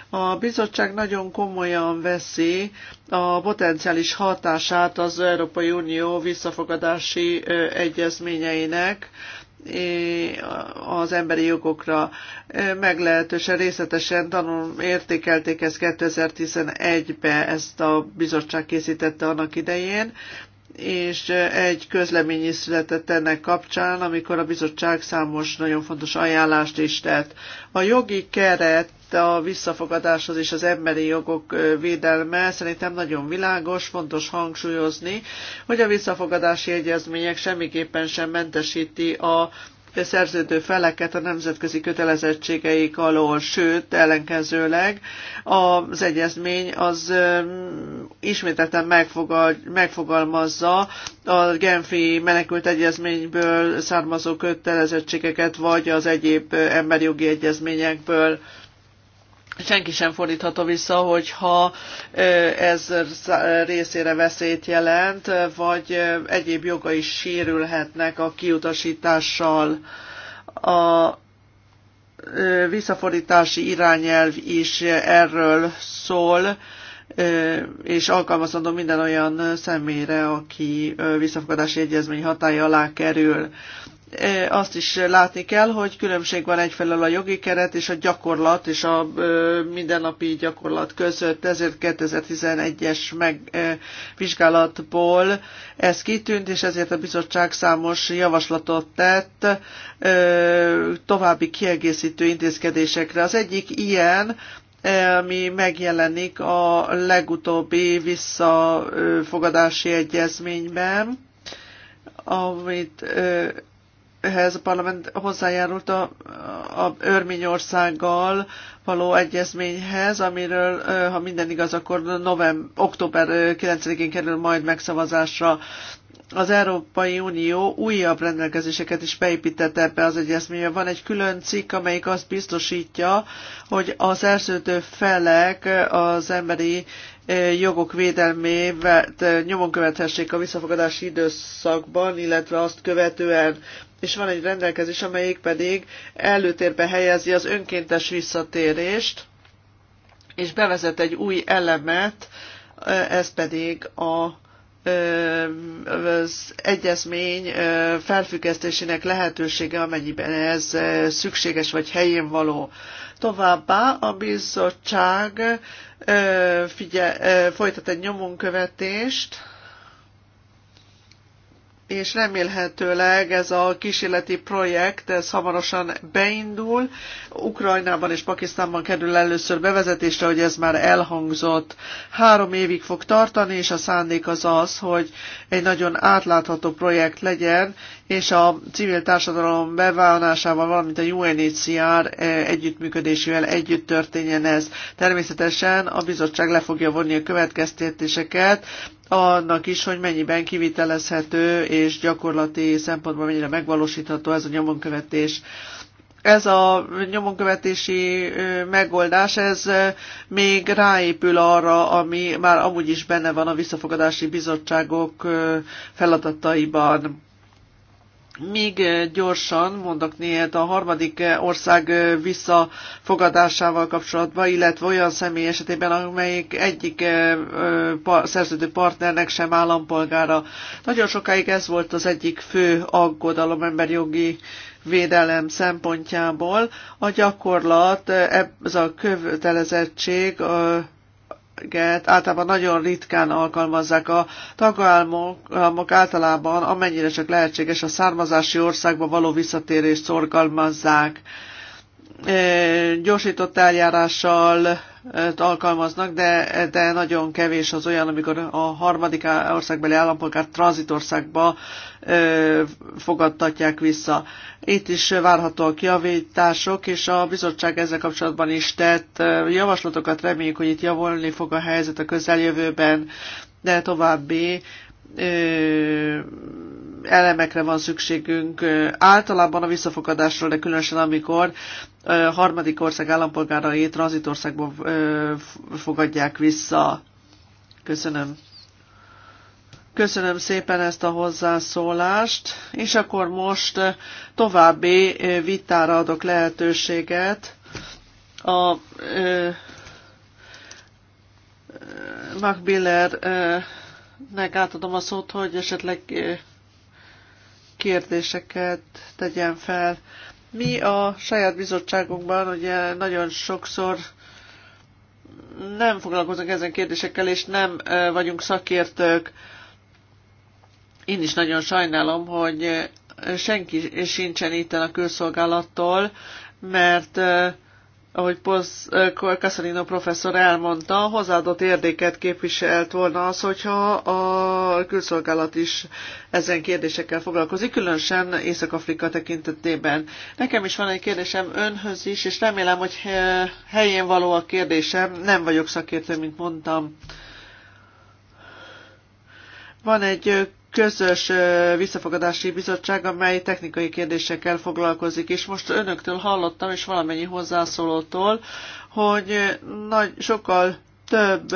a bizottság nagyon komolyan veszi a potenciális hatását az Európai Unió visszafogadási egyezményeinek, az emberi jogokra meglehetősen részletesen tanul, értékelték ezt 2011-ben, ezt a bizottság készítette annak idején, és egy közlemény is született ennek kapcsán, amikor a bizottság számos nagyon fontos ajánlást is tett. A jogi keret a visszafogadáshoz és az emberi jogok védelme szerintem nagyon világos, fontos hangsúlyozni, hogy a visszafogadási egyezmények semmiképpen sem mentesíti a szerződő feleket a nemzetközi kötelezettségeik alól, sőt, ellenkezőleg az egyezmény az ismételten megfogal, megfogalmazza a Genfi menekült egyezményből származó kötelezettségeket, vagy az egyéb emberjogi egyezményekből senki sem fordítható vissza, hogyha ez részére veszélyt jelent, vagy egyéb joga is sérülhetnek a kiutasítással. A visszafordítási irányelv is erről szól, és alkalmazandó minden olyan személyre, aki visszafogadási egyezmény hatája alá kerül azt is látni kell, hogy különbség van egyfelől a jogi keret és a gyakorlat és a mindennapi gyakorlat között, ezért 2011-es megvizsgálatból ez kitűnt, és ezért a bizottság számos javaslatot tett további kiegészítő intézkedésekre. Az egyik ilyen, ami megjelenik a legutóbbi visszafogadási egyezményben, amit ehhez a parlament hozzájárult a, a Örményországgal való egyezményhez, amiről, ha minden igaz, akkor november, október 9-én kerül majd megszavazásra. Az Európai Unió újabb rendelkezéseket is beépített ebbe az egyezménybe. Van egy külön cikk, amelyik azt biztosítja, hogy a szerződő felek az emberi jogok védelmével nyomon követhessék a visszafogadási időszakban, illetve azt követően és van egy rendelkezés, amelyik pedig előtérbe helyezi az önkéntes visszatérést, és bevezet egy új elemet, ez pedig a az egyezmény felfüggesztésének lehetősége, amennyiben ez szükséges vagy helyén való. Továbbá a bizottság figye, folytat egy nyomonkövetést, és remélhetőleg ez a kísérleti projekt ez hamarosan beindul. Ukrajnában és Pakisztánban kerül először bevezetésre, hogy ez már elhangzott. Három évig fog tartani, és a szándék az az, hogy egy nagyon átlátható projekt legyen, és a civil társadalom bevonásával, valamint a UNHCR eh, együttműködésével együtt történjen ez. Természetesen a bizottság le fogja vonni a következtetéseket, annak is, hogy mennyiben kivitelezhető és gyakorlati szempontból mennyire megvalósítható ez a nyomonkövetés ez a nyomonkövetési eh, megoldás, ez eh, még ráépül arra, ami már amúgy is benne van a visszafogadási bizottságok feladataiban. Még gyorsan mondok néhet a harmadik ország visszafogadásával kapcsolatban, illetve olyan személy esetében, amelyik egyik szerződő partnernek sem állampolgára. Nagyon sokáig ez volt az egyik fő aggodalom emberjogi védelem szempontjából. A gyakorlat, ez a követelezettség általában nagyon ritkán alkalmazzák a tagállamok általában, amennyire csak lehetséges a származási országba való visszatérést szorgalmazzák gyorsított eljárással alkalmaznak, de, de nagyon kevés az olyan, amikor a harmadik országbeli állampolgárt tranzitországba fogadtatják vissza. Itt is várhatóak javítások, és a bizottság ezzel kapcsolatban is tett javaslatokat. Reméljük, hogy itt javulni fog a helyzet a közeljövőben, de további elemekre van szükségünk általában a visszafogadásról, de különösen amikor harmadik ország állampolgárai tranzitországban fogadják vissza. Köszönöm. Köszönöm szépen ezt a hozzászólást, és akkor most további vitára adok lehetőséget. A ö, Mac Billernek átadom a szót, hogy esetleg kérdéseket tegyen fel. Mi a saját bizottságunkban ugye nagyon sokszor nem foglalkozunk ezen kérdésekkel, és nem vagyunk szakértők. Én is nagyon sajnálom, hogy senki sincsen itt a külszolgálattól, mert ahogy Casalino professzor elmondta, hozzáadott érdéket képviselt volna az, hogyha a külszolgálat is ezen kérdésekkel foglalkozik, különösen Észak-Afrika tekintetében. Nekem is van egy kérdésem önhöz is, és remélem, hogy helyén való a kérdésem. Nem vagyok szakértő, mint mondtam. Van egy közös visszafogadási bizottság, amely technikai kérdésekkel foglalkozik, és most önöktől hallottam, és valamennyi hozzászólótól, hogy nagy, sokkal több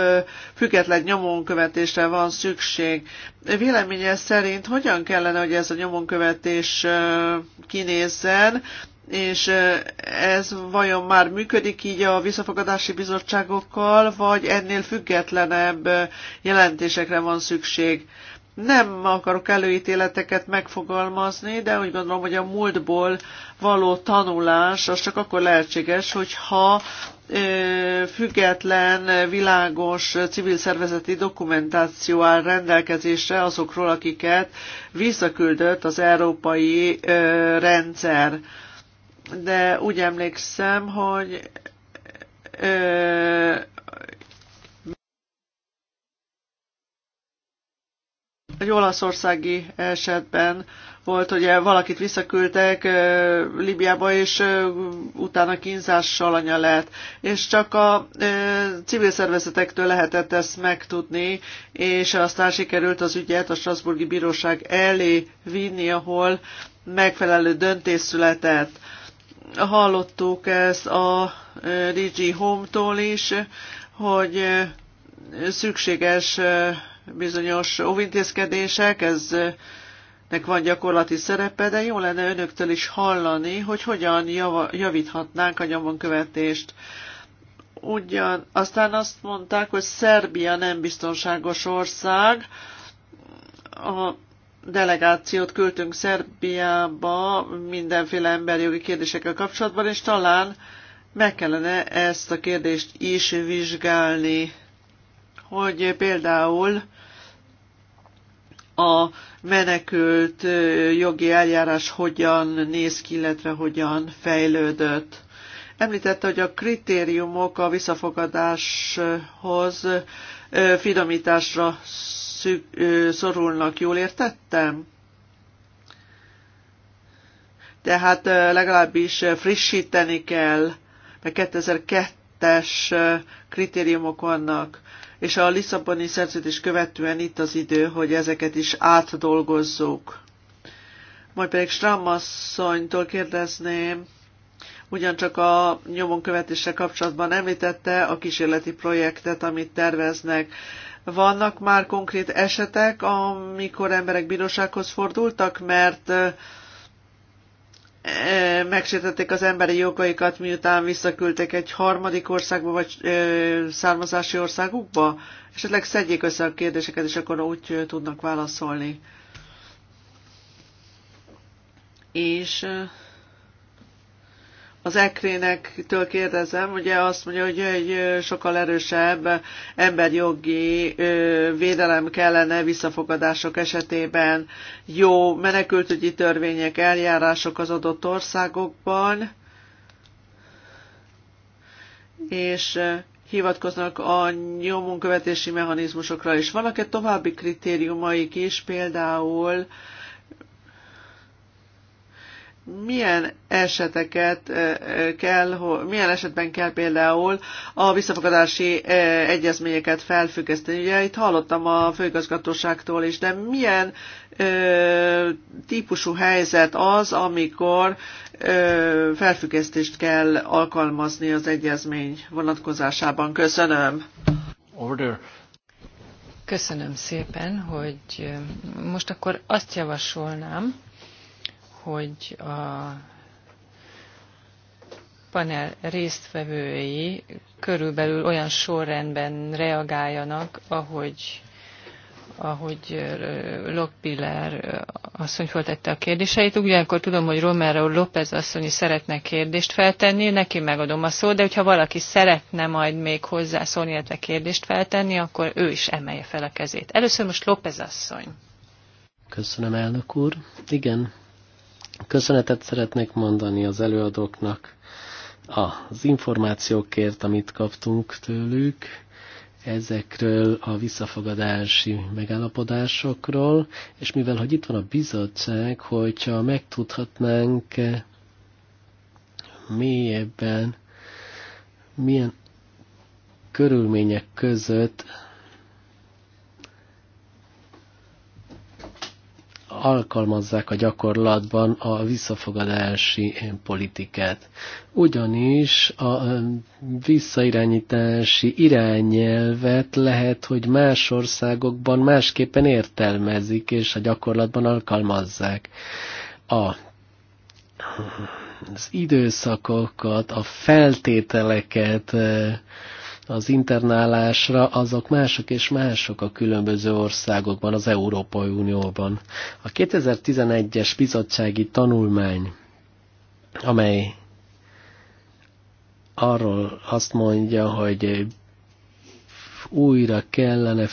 független nyomonkövetésre van szükség. Véleménye szerint hogyan kellene, hogy ez a nyomonkövetés kinézzen, és ez vajon már működik így a visszafogadási bizottságokkal, vagy ennél függetlenebb jelentésekre van szükség? nem akarok előítéleteket megfogalmazni, de úgy gondolom, hogy a múltból való tanulás az csak akkor lehetséges, hogyha független, világos civil szervezeti dokumentáció áll rendelkezésre azokról, akiket visszaküldött az európai rendszer. De úgy emlékszem, hogy egy olaszországi esetben volt, hogy valakit visszaküldtek Libiába, és utána kínzással anya lett. És csak a civil szervezetektől lehetett ezt megtudni, és aztán sikerült az ügyet a Strasburgi Bíróság elé vinni, ahol megfelelő döntés született. Hallottuk ezt a DG Home-tól is, hogy szükséges bizonyos óvintézkedések, ez nek van gyakorlati szerepe, de jó lenne önöktől is hallani, hogy hogyan java, javíthatnánk a nyomonkövetést. Ugyan, aztán azt mondták, hogy Szerbia nem biztonságos ország. A delegációt küldtünk Szerbiába mindenféle emberjogi kérdésekkel kapcsolatban, és talán meg kellene ezt a kérdést is vizsgálni, hogy például a menekült jogi eljárás hogyan néz ki, illetve hogyan fejlődött. Említette, hogy a kritériumok a visszafogadáshoz finomításra szük, szorulnak, jól értettem? Tehát legalábbis frissíteni kell, mert 2002-es kritériumok vannak és a Lisszaboni szerződés követően itt az idő, hogy ezeket is átdolgozzuk. Majd pedig Strammasszonytól kérdezném, ugyancsak a nyomon követéssel kapcsolatban említette a kísérleti projektet, amit terveznek. Vannak már konkrét esetek, amikor emberek bírósághoz fordultak, mert megsértették az emberi jogaikat, miután visszaküldtek egy harmadik országba, vagy ö, származási országukba? Esetleg szedjék össze a kérdéseket, és akkor úgy tudnak válaszolni. És az ekrénektől kérdezem, ugye azt mondja, hogy egy sokkal erősebb emberjogi védelem kellene visszafogadások esetében, jó menekültügyi törvények, eljárások az adott országokban, és hivatkoznak a nyomonkövetési mechanizmusokra is. Vannak-e további kritériumaik is, például milyen eseteket kell, milyen esetben kell például a visszafogadási egyezményeket felfüggeszteni. Ugye itt hallottam a főigazgatóságtól is, de milyen típusú helyzet az, amikor felfüggesztést kell alkalmazni az egyezmény vonatkozásában. Köszönöm. Order. Köszönöm szépen, hogy most akkor azt javasolnám, hogy a panel résztvevői körülbelül olyan sorrendben reagáljanak, ahogy, ahogy Lokpiller asszony föltette a kérdéseit. Ugyanakkor tudom, hogy Romero López asszony is szeretne kérdést feltenni, neki megadom a szót, de hogyha valaki szeretne majd még hozzászólni, illetve kérdést feltenni, akkor ő is emelje fel a kezét. Először most López asszony. Köszönöm, elnök úr. Igen, Köszönetet szeretnék mondani az előadóknak az információkért, amit kaptunk tőlük, ezekről a visszafogadási megállapodásokról, és mivel, hogy itt van a bizottság, hogyha megtudhatnánk mélyebben, milyen körülmények között alkalmazzák a gyakorlatban a visszafogadási politikát. Ugyanis a visszairányítási irányelvet lehet, hogy más országokban másképpen értelmezik, és a gyakorlatban alkalmazzák. A az időszakokat, a feltételeket, az internálásra, azok mások és mások a különböző országokban, az Európai Unióban. A 2011-es bizottsági tanulmány, amely arról azt mondja, hogy újra kellene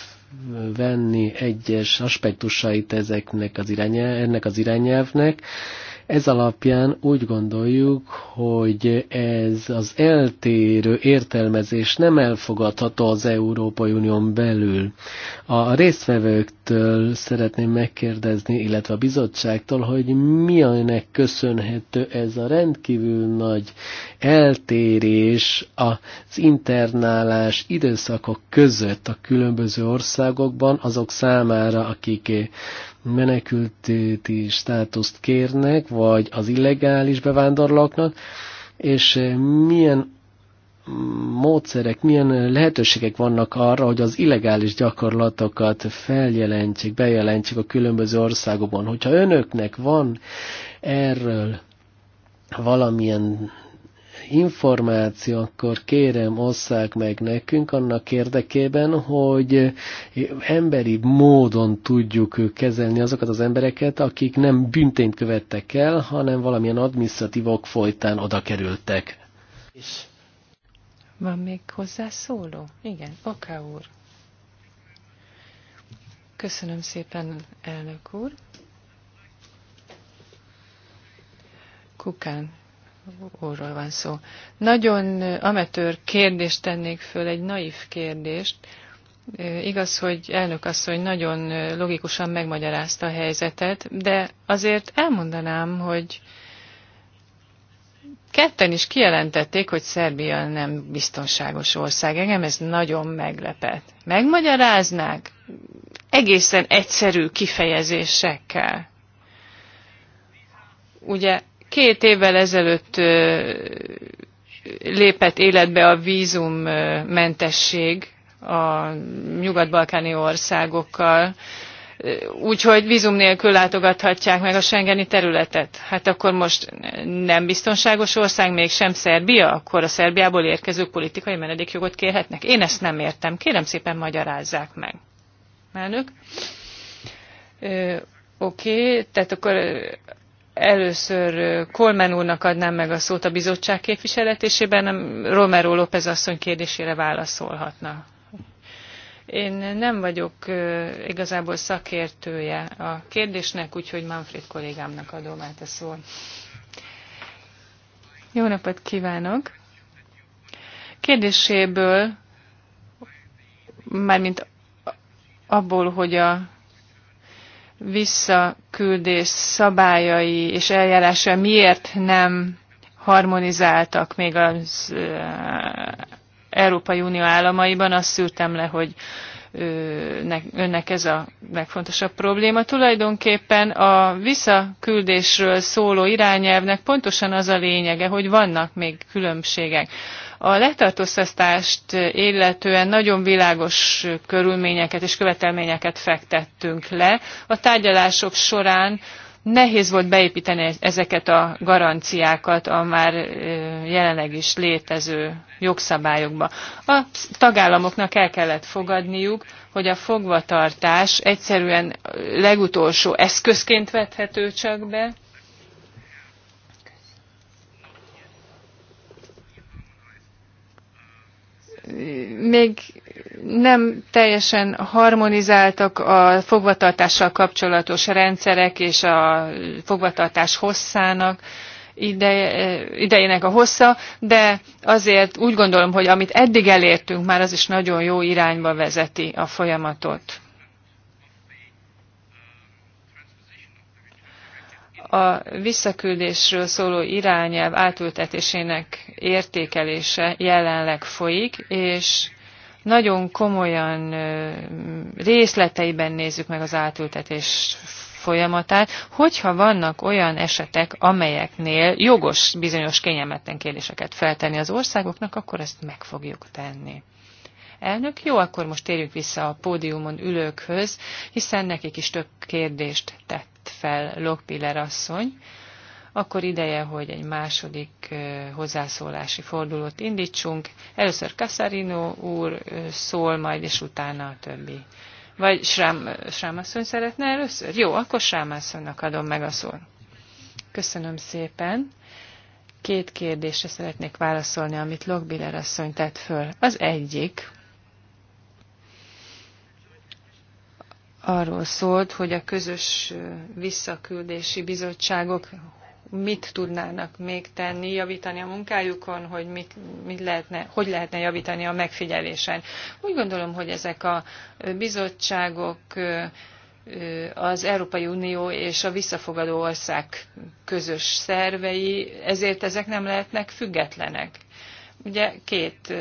venni egyes aspektusait ezeknek az irányel, ennek az irányelvnek, ez alapján úgy gondoljuk, hogy ez az eltérő értelmezés nem elfogadható az Európai Unión belül. A résztvevőktől szeretném megkérdezni, illetve a bizottságtól, hogy ennek köszönhető ez a rendkívül nagy eltérés az internálás időszakok között a különböző országokban azok számára, akik menekülti státuszt kérnek, vagy az illegális bevándorlóknak, és eh, milyen módszerek, milyen lehetőségek vannak arra, hogy az illegális gyakorlatokat feljelentsék, bejelentsék a különböző országokban. Hogyha önöknek van erről valamilyen információ, akkor kérem osszák meg nekünk annak érdekében, hogy emberi módon tudjuk kezelni azokat az embereket, akik nem büntényt követtek el, hanem valamilyen adminisztratívok folytán oda kerültek. Van még hozzászóló? Igen, Oka úr. Köszönöm szépen, elnök úr. Kukán úrról van szó. Nagyon eh, amatőr kérdést tennék föl, egy naív kérdést. Eh, igaz, hogy elnök asszony nagyon eh, logikusan megmagyarázta a helyzetet, de azért elmondanám, hogy ketten is kijelentették, hogy Szerbia nem biztonságos ország. Engem ez nagyon meglepet. Megmagyaráznák egészen egyszerű kifejezésekkel. Ugye Két évvel ezelőtt lépett életbe a vízummentesség a nyugat-balkáni országokkal, úgyhogy vízum nélkül látogathatják meg a Schengeni területet. Hát akkor most nem biztonságos ország, még sem Szerbia, akkor a Szerbiából érkezők politikai menedékjogot kérhetnek? Én ezt nem értem. Kérem szépen magyarázzák meg. Elnök. Oké, okay, tehát akkor Először Kolmen úrnak adnám meg a szót a bizottság képviseletésében, Romero López asszony kérdésére válaszolhatna. Én nem vagyok igazából szakértője a kérdésnek, úgyhogy Manfred kollégámnak adom át a szót. Jó napot kívánok! Kérdéséből, mármint abból, hogy a visszaküldés szabályai és eljárása miért nem harmonizáltak még az Európai Unió államaiban, azt szűrtem le, hogy önnek ez a legfontosabb probléma. Tulajdonképpen a visszaküldésről szóló irányelvnek pontosan az a lényege, hogy vannak még különbségek a letartóztatást illetően nagyon világos körülményeket és követelményeket fektettünk le. A tárgyalások során nehéz volt beépíteni e- ezeket a garanciákat a már jelenleg is létező jogszabályokba. A tagállamoknak el kellett fogadniuk, hogy a fogvatartás egyszerűen legutolsó eszközként vethető csak be, még nem teljesen harmonizáltak a fogvatartással kapcsolatos rendszerek és a fogvatartás hosszának ideje, idejének a hossza, de azért úgy gondolom, hogy amit eddig elértünk, már az is nagyon jó irányba vezeti a folyamatot. a visszaküldésről szóló irányelv átültetésének értékelése jelenleg folyik, és nagyon komolyan részleteiben nézzük meg az átültetés folyamatát, hogyha vannak olyan esetek, amelyeknél jogos bizonyos kényelmetlen kérdéseket feltenni az országoknak, akkor ezt meg fogjuk tenni. Elnök, jó, akkor most térjük vissza a pódiumon ülőkhöz, hiszen nekik is több kérdést tett fel Lokpiller asszony. Akkor ideje, hogy egy második hozzászólási fordulót indítsunk. Először Casarino úr szól, majd és utána a többi. Vagy Srám, Srámasszony szeretne először? Jó, akkor Srámasszonynak adom meg a szót. Köszönöm szépen. Két kérdésre szeretnék válaszolni, amit Lokbiller asszony tett föl. Az egyik, arról szólt, hogy a közös visszaküldési bizottságok mit tudnának még tenni, javítani a munkájukon, hogy mit, mit lehetne, hogy lehetne javítani a megfigyelésen. Úgy gondolom, hogy ezek a bizottságok az Európai Unió és a visszafogadó ország közös szervei, ezért ezek nem lehetnek függetlenek. Ugye két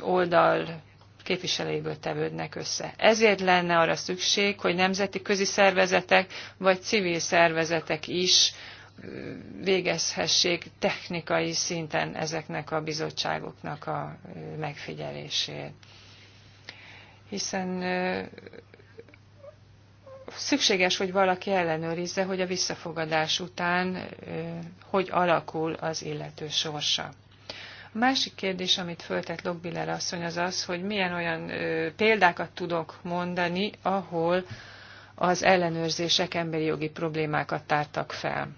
oldal képviselőiből tevődnek össze. Ezért lenne arra szükség, hogy nemzeti közi szervezetek vagy civil szervezetek is végezhessék technikai szinten ezeknek a bizottságoknak a megfigyelését. Hiszen szükséges, hogy valaki ellenőrizze, hogy a visszafogadás után hogy alakul az illető sorsa. A másik kérdés, amit föltett Lokbiller asszony, az az, hogy milyen olyan ö, példákat tudok mondani, ahol az ellenőrzések emberi jogi problémákat tártak fel.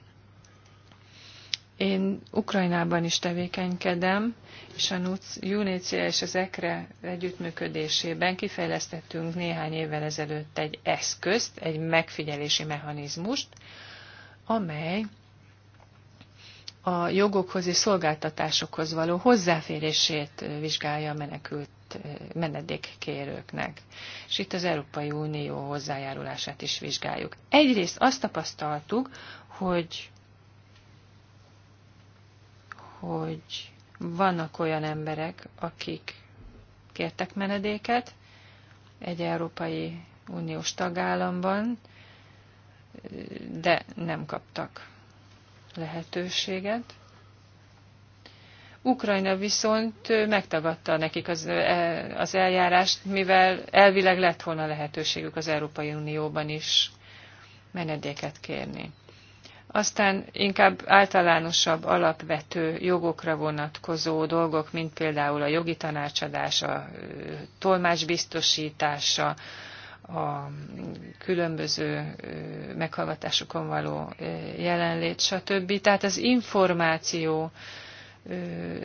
Én Ukrajnában is tevékenykedem, és a UNICEF és az ekre együttműködésében kifejlesztettünk néhány évvel ezelőtt egy eszközt, egy megfigyelési mechanizmust, amely a jogokhoz és szolgáltatásokhoz való hozzáférését vizsgálja a menekült menedékkérőknek. És itt az Európai Unió hozzájárulását is vizsgáljuk. Egyrészt azt tapasztaltuk, hogy, hogy vannak olyan emberek, akik kértek menedéket egy Európai Uniós tagállamban, de nem kaptak lehetőséget. Ukrajna viszont megtagadta nekik az, e, az eljárást, mivel elvileg lett volna lehetőségük az Európai Unióban is menedéket kérni. Aztán inkább általánosabb, alapvető jogokra vonatkozó dolgok, mint például a jogi tanácsadás, a tolmács biztosítása, a különböző meghallgatásokon való jelenlét, stb. Tehát az információ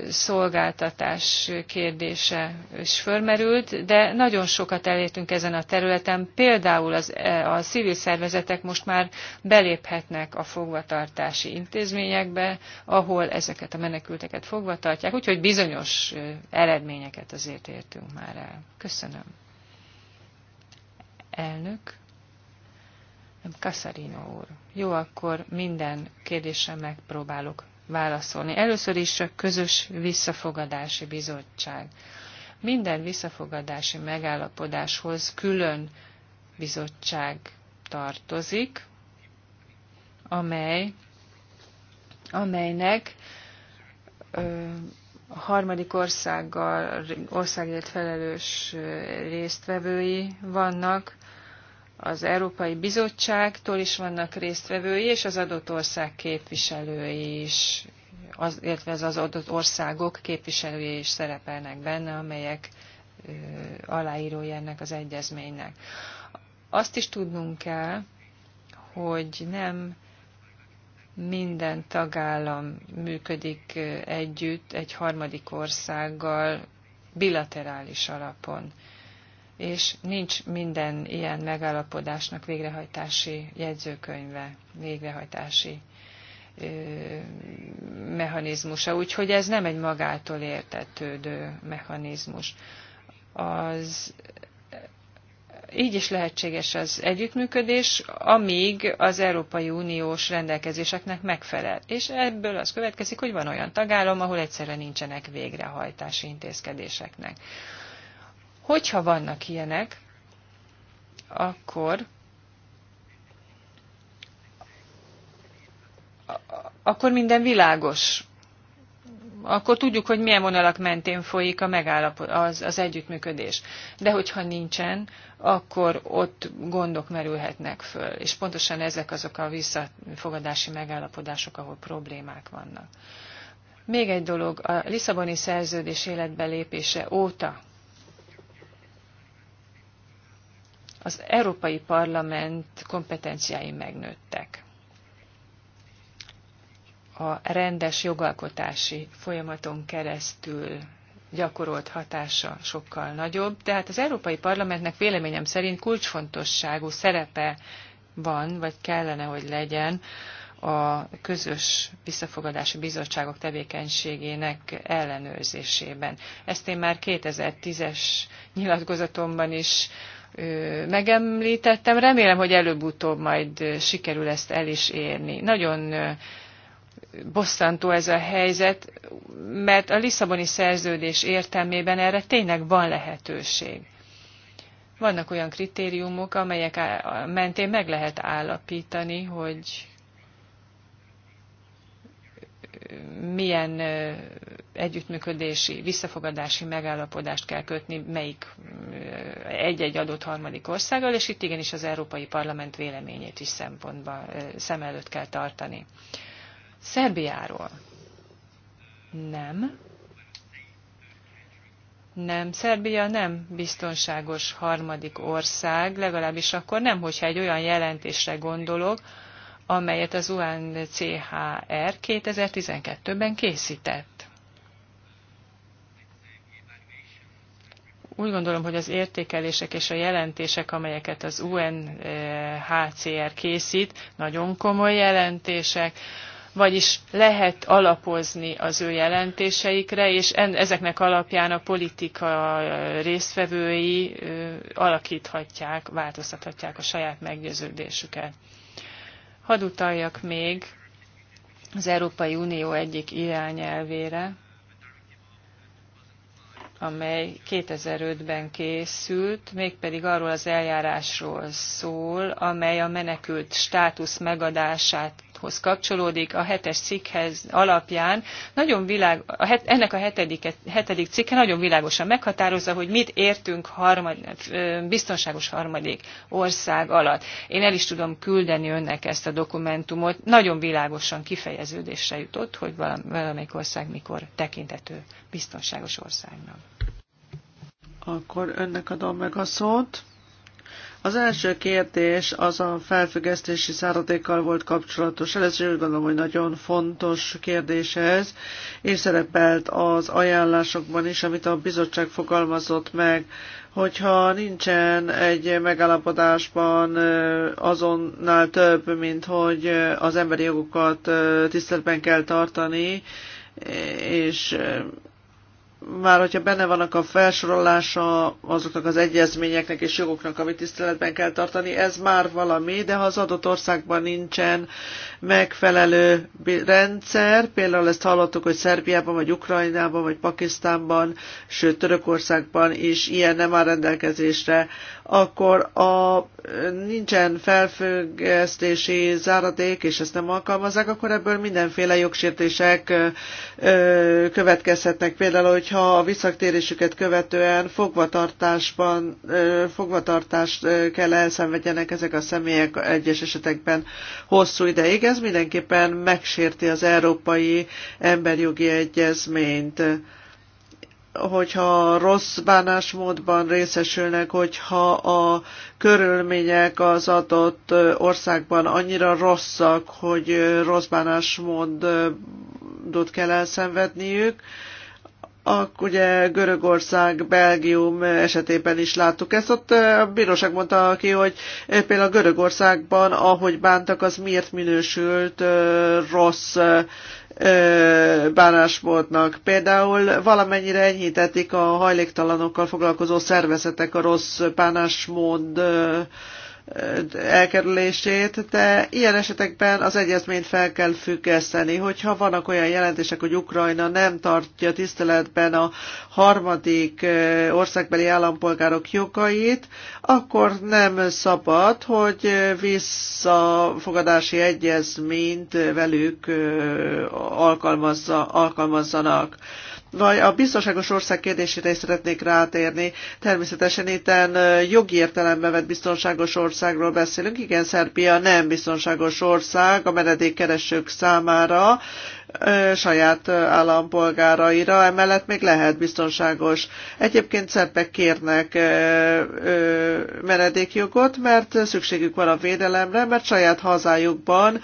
szolgáltatás kérdése is fölmerült, de nagyon sokat elértünk ezen a területen. Például az, e, a civil szervezetek most már beléphetnek a fogvatartási intézményekbe, ahol ezeket a menekülteket fogvatartják, úgyhogy bizonyos eredményeket azért értünk már el. Köszönöm. Elnök. nem Kassarino úr. Jó, akkor minden kérdésre megpróbálok válaszolni. Először is a közös visszafogadási bizottság. Minden visszafogadási megállapodáshoz külön bizottság tartozik, amely, amelynek ö, a harmadik országgal, országért felelős résztvevői vannak, az Európai Bizottságtól is vannak résztvevői, és az adott ország képviselői is, az, illetve az adott országok képviselői is szerepelnek benne, amelyek ö, aláírói ennek az egyezménynek. Azt is tudnunk kell, hogy nem minden tagállam működik együtt egy harmadik országgal bilaterális alapon és nincs minden ilyen megállapodásnak végrehajtási jegyzőkönyve, végrehajtási mechanizmusa. Úgyhogy ez nem egy magától értetődő mechanizmus. Az így is lehetséges az együttműködés, amíg az Európai Uniós rendelkezéseknek megfelel. És ebből az következik, hogy van olyan tagállam, ahol egyszerre nincsenek végrehajtási intézkedéseknek. Hogyha vannak ilyenek, akkor akkor minden világos. Akkor tudjuk, hogy milyen vonalak mentén folyik a megállapod, az, az együttműködés. De hogyha nincsen, akkor ott gondok merülhetnek föl. És pontosan ezek azok a visszafogadási megállapodások, ahol problémák vannak. Még egy dolog, a Lisszaboni szerződés életbe lépése óta az Európai Parlament kompetenciái megnőttek. A rendes jogalkotási folyamaton keresztül gyakorolt hatása sokkal nagyobb, tehát az Európai Parlamentnek véleményem szerint kulcsfontosságú szerepe van, vagy kellene, hogy legyen a közös visszafogadási bizottságok tevékenységének ellenőrzésében. Ezt én már 2010-es nyilatkozatomban is megemlítettem. Remélem, hogy előbb-utóbb majd sikerül ezt el is érni. Nagyon bosszantó ez a helyzet, mert a Lisszaboni szerződés értelmében erre tényleg van lehetőség. Vannak olyan kritériumok, amelyek mentén meg lehet állapítani, hogy milyen együttműködési, visszafogadási megállapodást kell kötni, melyik egy-egy adott harmadik országgal, és itt igenis az Európai Parlament véleményét is szempontba, szem előtt kell tartani. Szerbiáról. Nem. Nem, Szerbia nem biztonságos harmadik ország, legalábbis akkor nem, hogyha egy olyan jelentésre gondolok, amelyet az UNCHR 2012-ben készített. Úgy gondolom, hogy az értékelések és a jelentések, amelyeket az UNHCR készít, nagyon komoly jelentések, vagyis lehet alapozni az ő jelentéseikre, és ezeknek alapján a politika résztvevői alakíthatják, változtathatják a saját meggyőződésüket. Hadd utaljak még az Európai Unió egyik irányelvére, amely 2005-ben készült, mégpedig arról az eljárásról szól, amely a menekült státusz megadásához kapcsolódik a hetes cikkhez alapján. Nagyon világ, a het, ennek a hetedik, hetedik cikke nagyon világosan meghatározza, hogy mit értünk harmad, biztonságos harmadik ország alatt. Én el is tudom küldeni önnek ezt a dokumentumot. Nagyon világosan kifejeződésre jutott, hogy valamelyik ország mikor tekintető biztonságos országnak. Akkor önnek adom meg a szót. Az első kérdés az a felfüggesztési száradékkal volt kapcsolatos. Először úgy gondolom, hogy nagyon fontos kérdés ez, és szerepelt az ajánlásokban is, amit a bizottság fogalmazott meg, hogyha nincsen egy megállapodásban azonnal több, mint hogy az emberi jogokat tiszteletben kell tartani, és már hogyha benne vannak a felsorolása azoknak az egyezményeknek és jogoknak, amit tiszteletben kell tartani, ez már valami, de ha az adott országban nincsen megfelelő rendszer, például ezt hallottuk, hogy Szerbiában, vagy Ukrajnában, vagy Pakisztánban, sőt Törökországban is ilyen nem áll rendelkezésre, akkor a nincsen felfüggesztési záradék, és ezt nem alkalmazzák, akkor ebből mindenféle jogsértések következhetnek. Például, hogy hogyha a visszatérésüket követően fogvatartásban, fogvatartást kell elszenvedjenek ezek a személyek egyes esetekben hosszú ideig. Ez mindenképpen megsérti az Európai Emberjogi Egyezményt hogyha rossz bánásmódban részesülnek, hogyha a körülmények az adott országban annyira rosszak, hogy rossz bánásmódot kell elszenvedniük, akkor ugye Görögország, Belgium esetében is láttuk ezt. Ott a bíróság mondta ki, hogy például Görögországban, ahogy bántak, az miért minősült rossz bánásmódnak. Például valamennyire enyhítették a hajléktalanokkal foglalkozó szervezetek a rossz bánásmód elkerülését, de ilyen esetekben az egyezményt fel kell függeszteni. Hogyha vannak olyan jelentések, hogy Ukrajna nem tartja tiszteletben a harmadik országbeli állampolgárok jogait, akkor nem szabad, hogy visszafogadási egyezményt velük alkalmazza, alkalmazzanak vagy a biztonságos ország kérdésére is szeretnék rátérni. Természetesen itt jogi értelemben vett biztonságos ország országról beszélünk. Igen, Szerbia nem biztonságos ország a menedékkeresők számára, saját állampolgáraira, emellett még lehet biztonságos. Egyébként szerbek kérnek menedékjogot, mert szükségük van a védelemre, mert saját hazájukban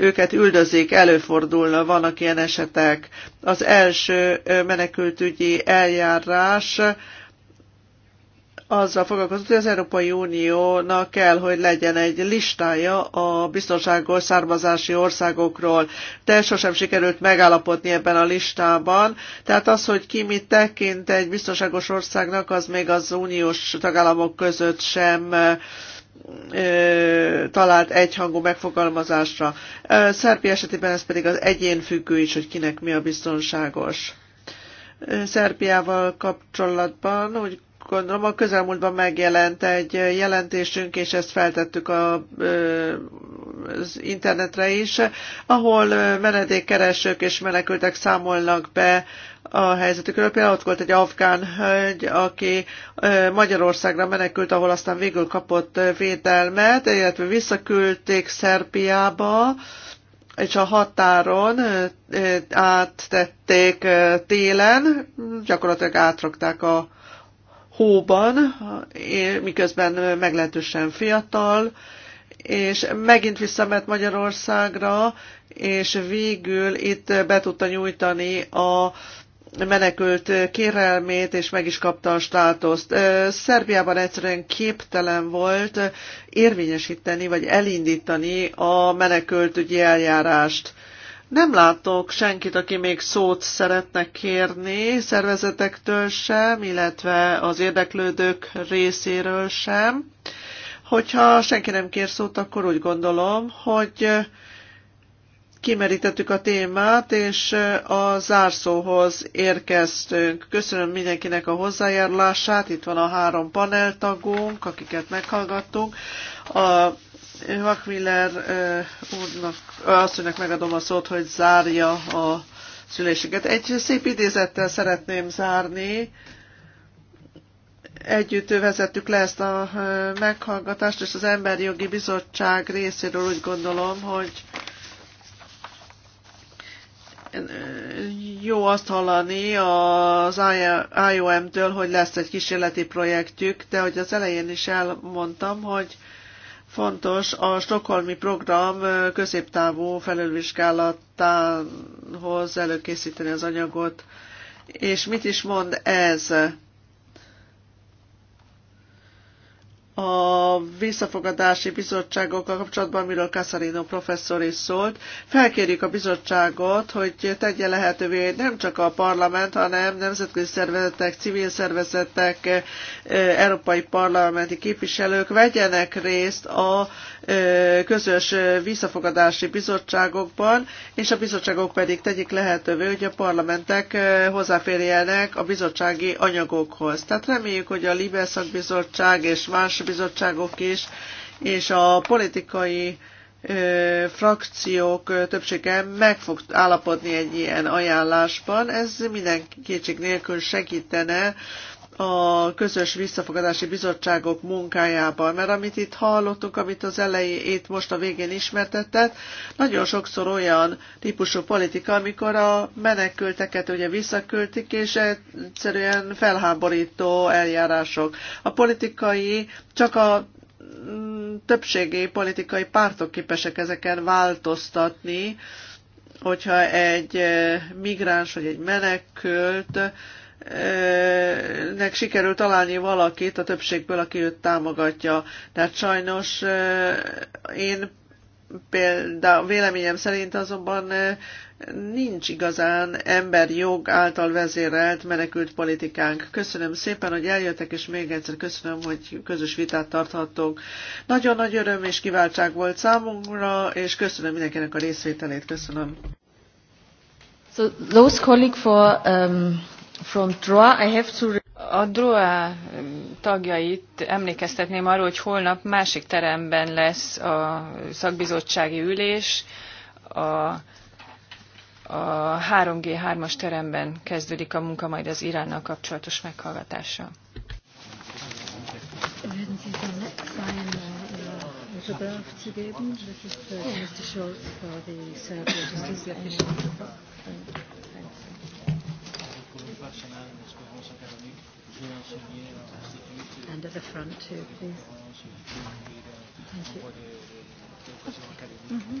őket üldözik, előfordulna, vannak ilyen esetek. Az első menekültügyi eljárás azzal foglalkozott, hogy az Európai Uniónak kell, hogy legyen egy listája a biztonságos származási országokról, de sosem sikerült megállapodni ebben a listában. Tehát az, hogy ki mit tekint egy biztonságos országnak, az még az uniós tagállamok között sem talált egyhangú megfogalmazásra. Szerbia esetében ez pedig az egyén függő is, hogy kinek mi a biztonságos. Szerbiával kapcsolatban úgy gondolom a közelmúltban megjelent egy jelentésünk, és ezt feltettük a, az internetre is, ahol menedékkeresők és menekültek számolnak be a helyzetükről. Például ott volt egy afgán hölgy, aki Magyarországra menekült, ahol aztán végül kapott védelmet, illetve visszaküldték Szerbiába, és a határon áttették télen, gyakorlatilag átrakták a hóban, eh, miközben meglehetősen fiatal, és megint visszamett Magyarországra, és végül itt be tudta nyújtani a menekült kérelmét, és meg is kapta a státuszt. Eh, Szerbiában egyszerűen képtelen volt érvényesíteni, vagy elindítani a menekült ügyi eljárást. Nem látok senkit, aki még szót szeretne kérni, szervezetektől sem, illetve az érdeklődők részéről sem. Hogyha senki nem kér szót, akkor úgy gondolom, hogy kimerítettük a témát, és a zárszóhoz érkeztünk. Köszönöm mindenkinek a hozzájárulását, itt van a három paneltagunk, akiket meghallgattunk. A Vakmiller úrnak, asszonynak megadom a szót, hogy zárja a szülésüket. Egy szép idézettel szeretném zárni. Együtt vezettük le ezt a meghallgatást, és az Emberi Jogi Bizottság részéről úgy gondolom, hogy jó azt hallani az IOM-től, hogy lesz egy kísérleti projektjük, de hogy az elején is elmondtam, hogy fontos a Stockholmi program középtávú felülvizsgálatához előkészíteni az anyagot. És mit is mond ez? a visszafogadási bizottságokkal kapcsolatban, amiről Kassarino professzor is szólt, felkérjük a bizottságot, hogy tegye lehetővé, nem csak a parlament, hanem nemzetközi szervezetek, civil szervezetek, eh, európai parlamenti képviselők vegyenek részt a eh, közös visszafogadási bizottságokban, és a bizottságok pedig tegyék lehetővé, hogy a parlamentek eh, hozzáférjenek a bizottsági anyagokhoz. Tehát reméljük, hogy a Libeszak bizottság és más bizottságok is, és a politikai ö, frakciók többsége meg fog állapodni egy ilyen ajánlásban. Ez minden kétség nélkül segítene a közös visszafogadási bizottságok munkájában, mert amit itt hallottunk, amit az elejét most a végén ismertetett, nagyon sokszor olyan típusú politika, amikor a menekülteket ugye visszaköltik és egyszerűen felháborító eljárások. A politikai csak a mm, többségi politikai pártok képesek ezeken változtatni, hogyha egy eh, migráns vagy egy menekült nek sikerül találni valakit a többségből, aki őt támogatja. Tehát sajnos én például véleményem szerint azonban nincs igazán emberi jog által vezérelt menekült politikánk. Köszönöm szépen, hogy eljöttek, és még egyszer köszönöm, hogy közös vitát tarthattunk. Nagyon nagy öröm és kiváltság volt számunkra, és köszönöm mindenkinek a részvételét. Köszönöm. So those colleagues for um, From Troa, I have to... A DROA tagjait emlékeztetném arról, hogy holnap másik teremben lesz a szakbizottsági ülés. A, a 3G3-as teremben kezdődik a munka majd az Iránnal kapcsolatos meghallgatással. And at the front too, please. Thank you. Mm-hmm.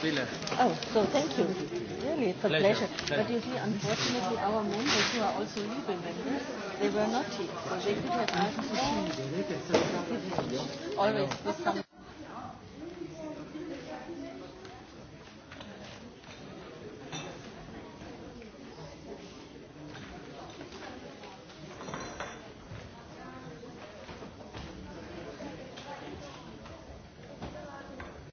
Oh, so thank you. Really, it's a pleasure. pleasure. pleasure. But you see, unfortunately, our members who are also Liebe members, they were not here, so they could have asked. Always with some.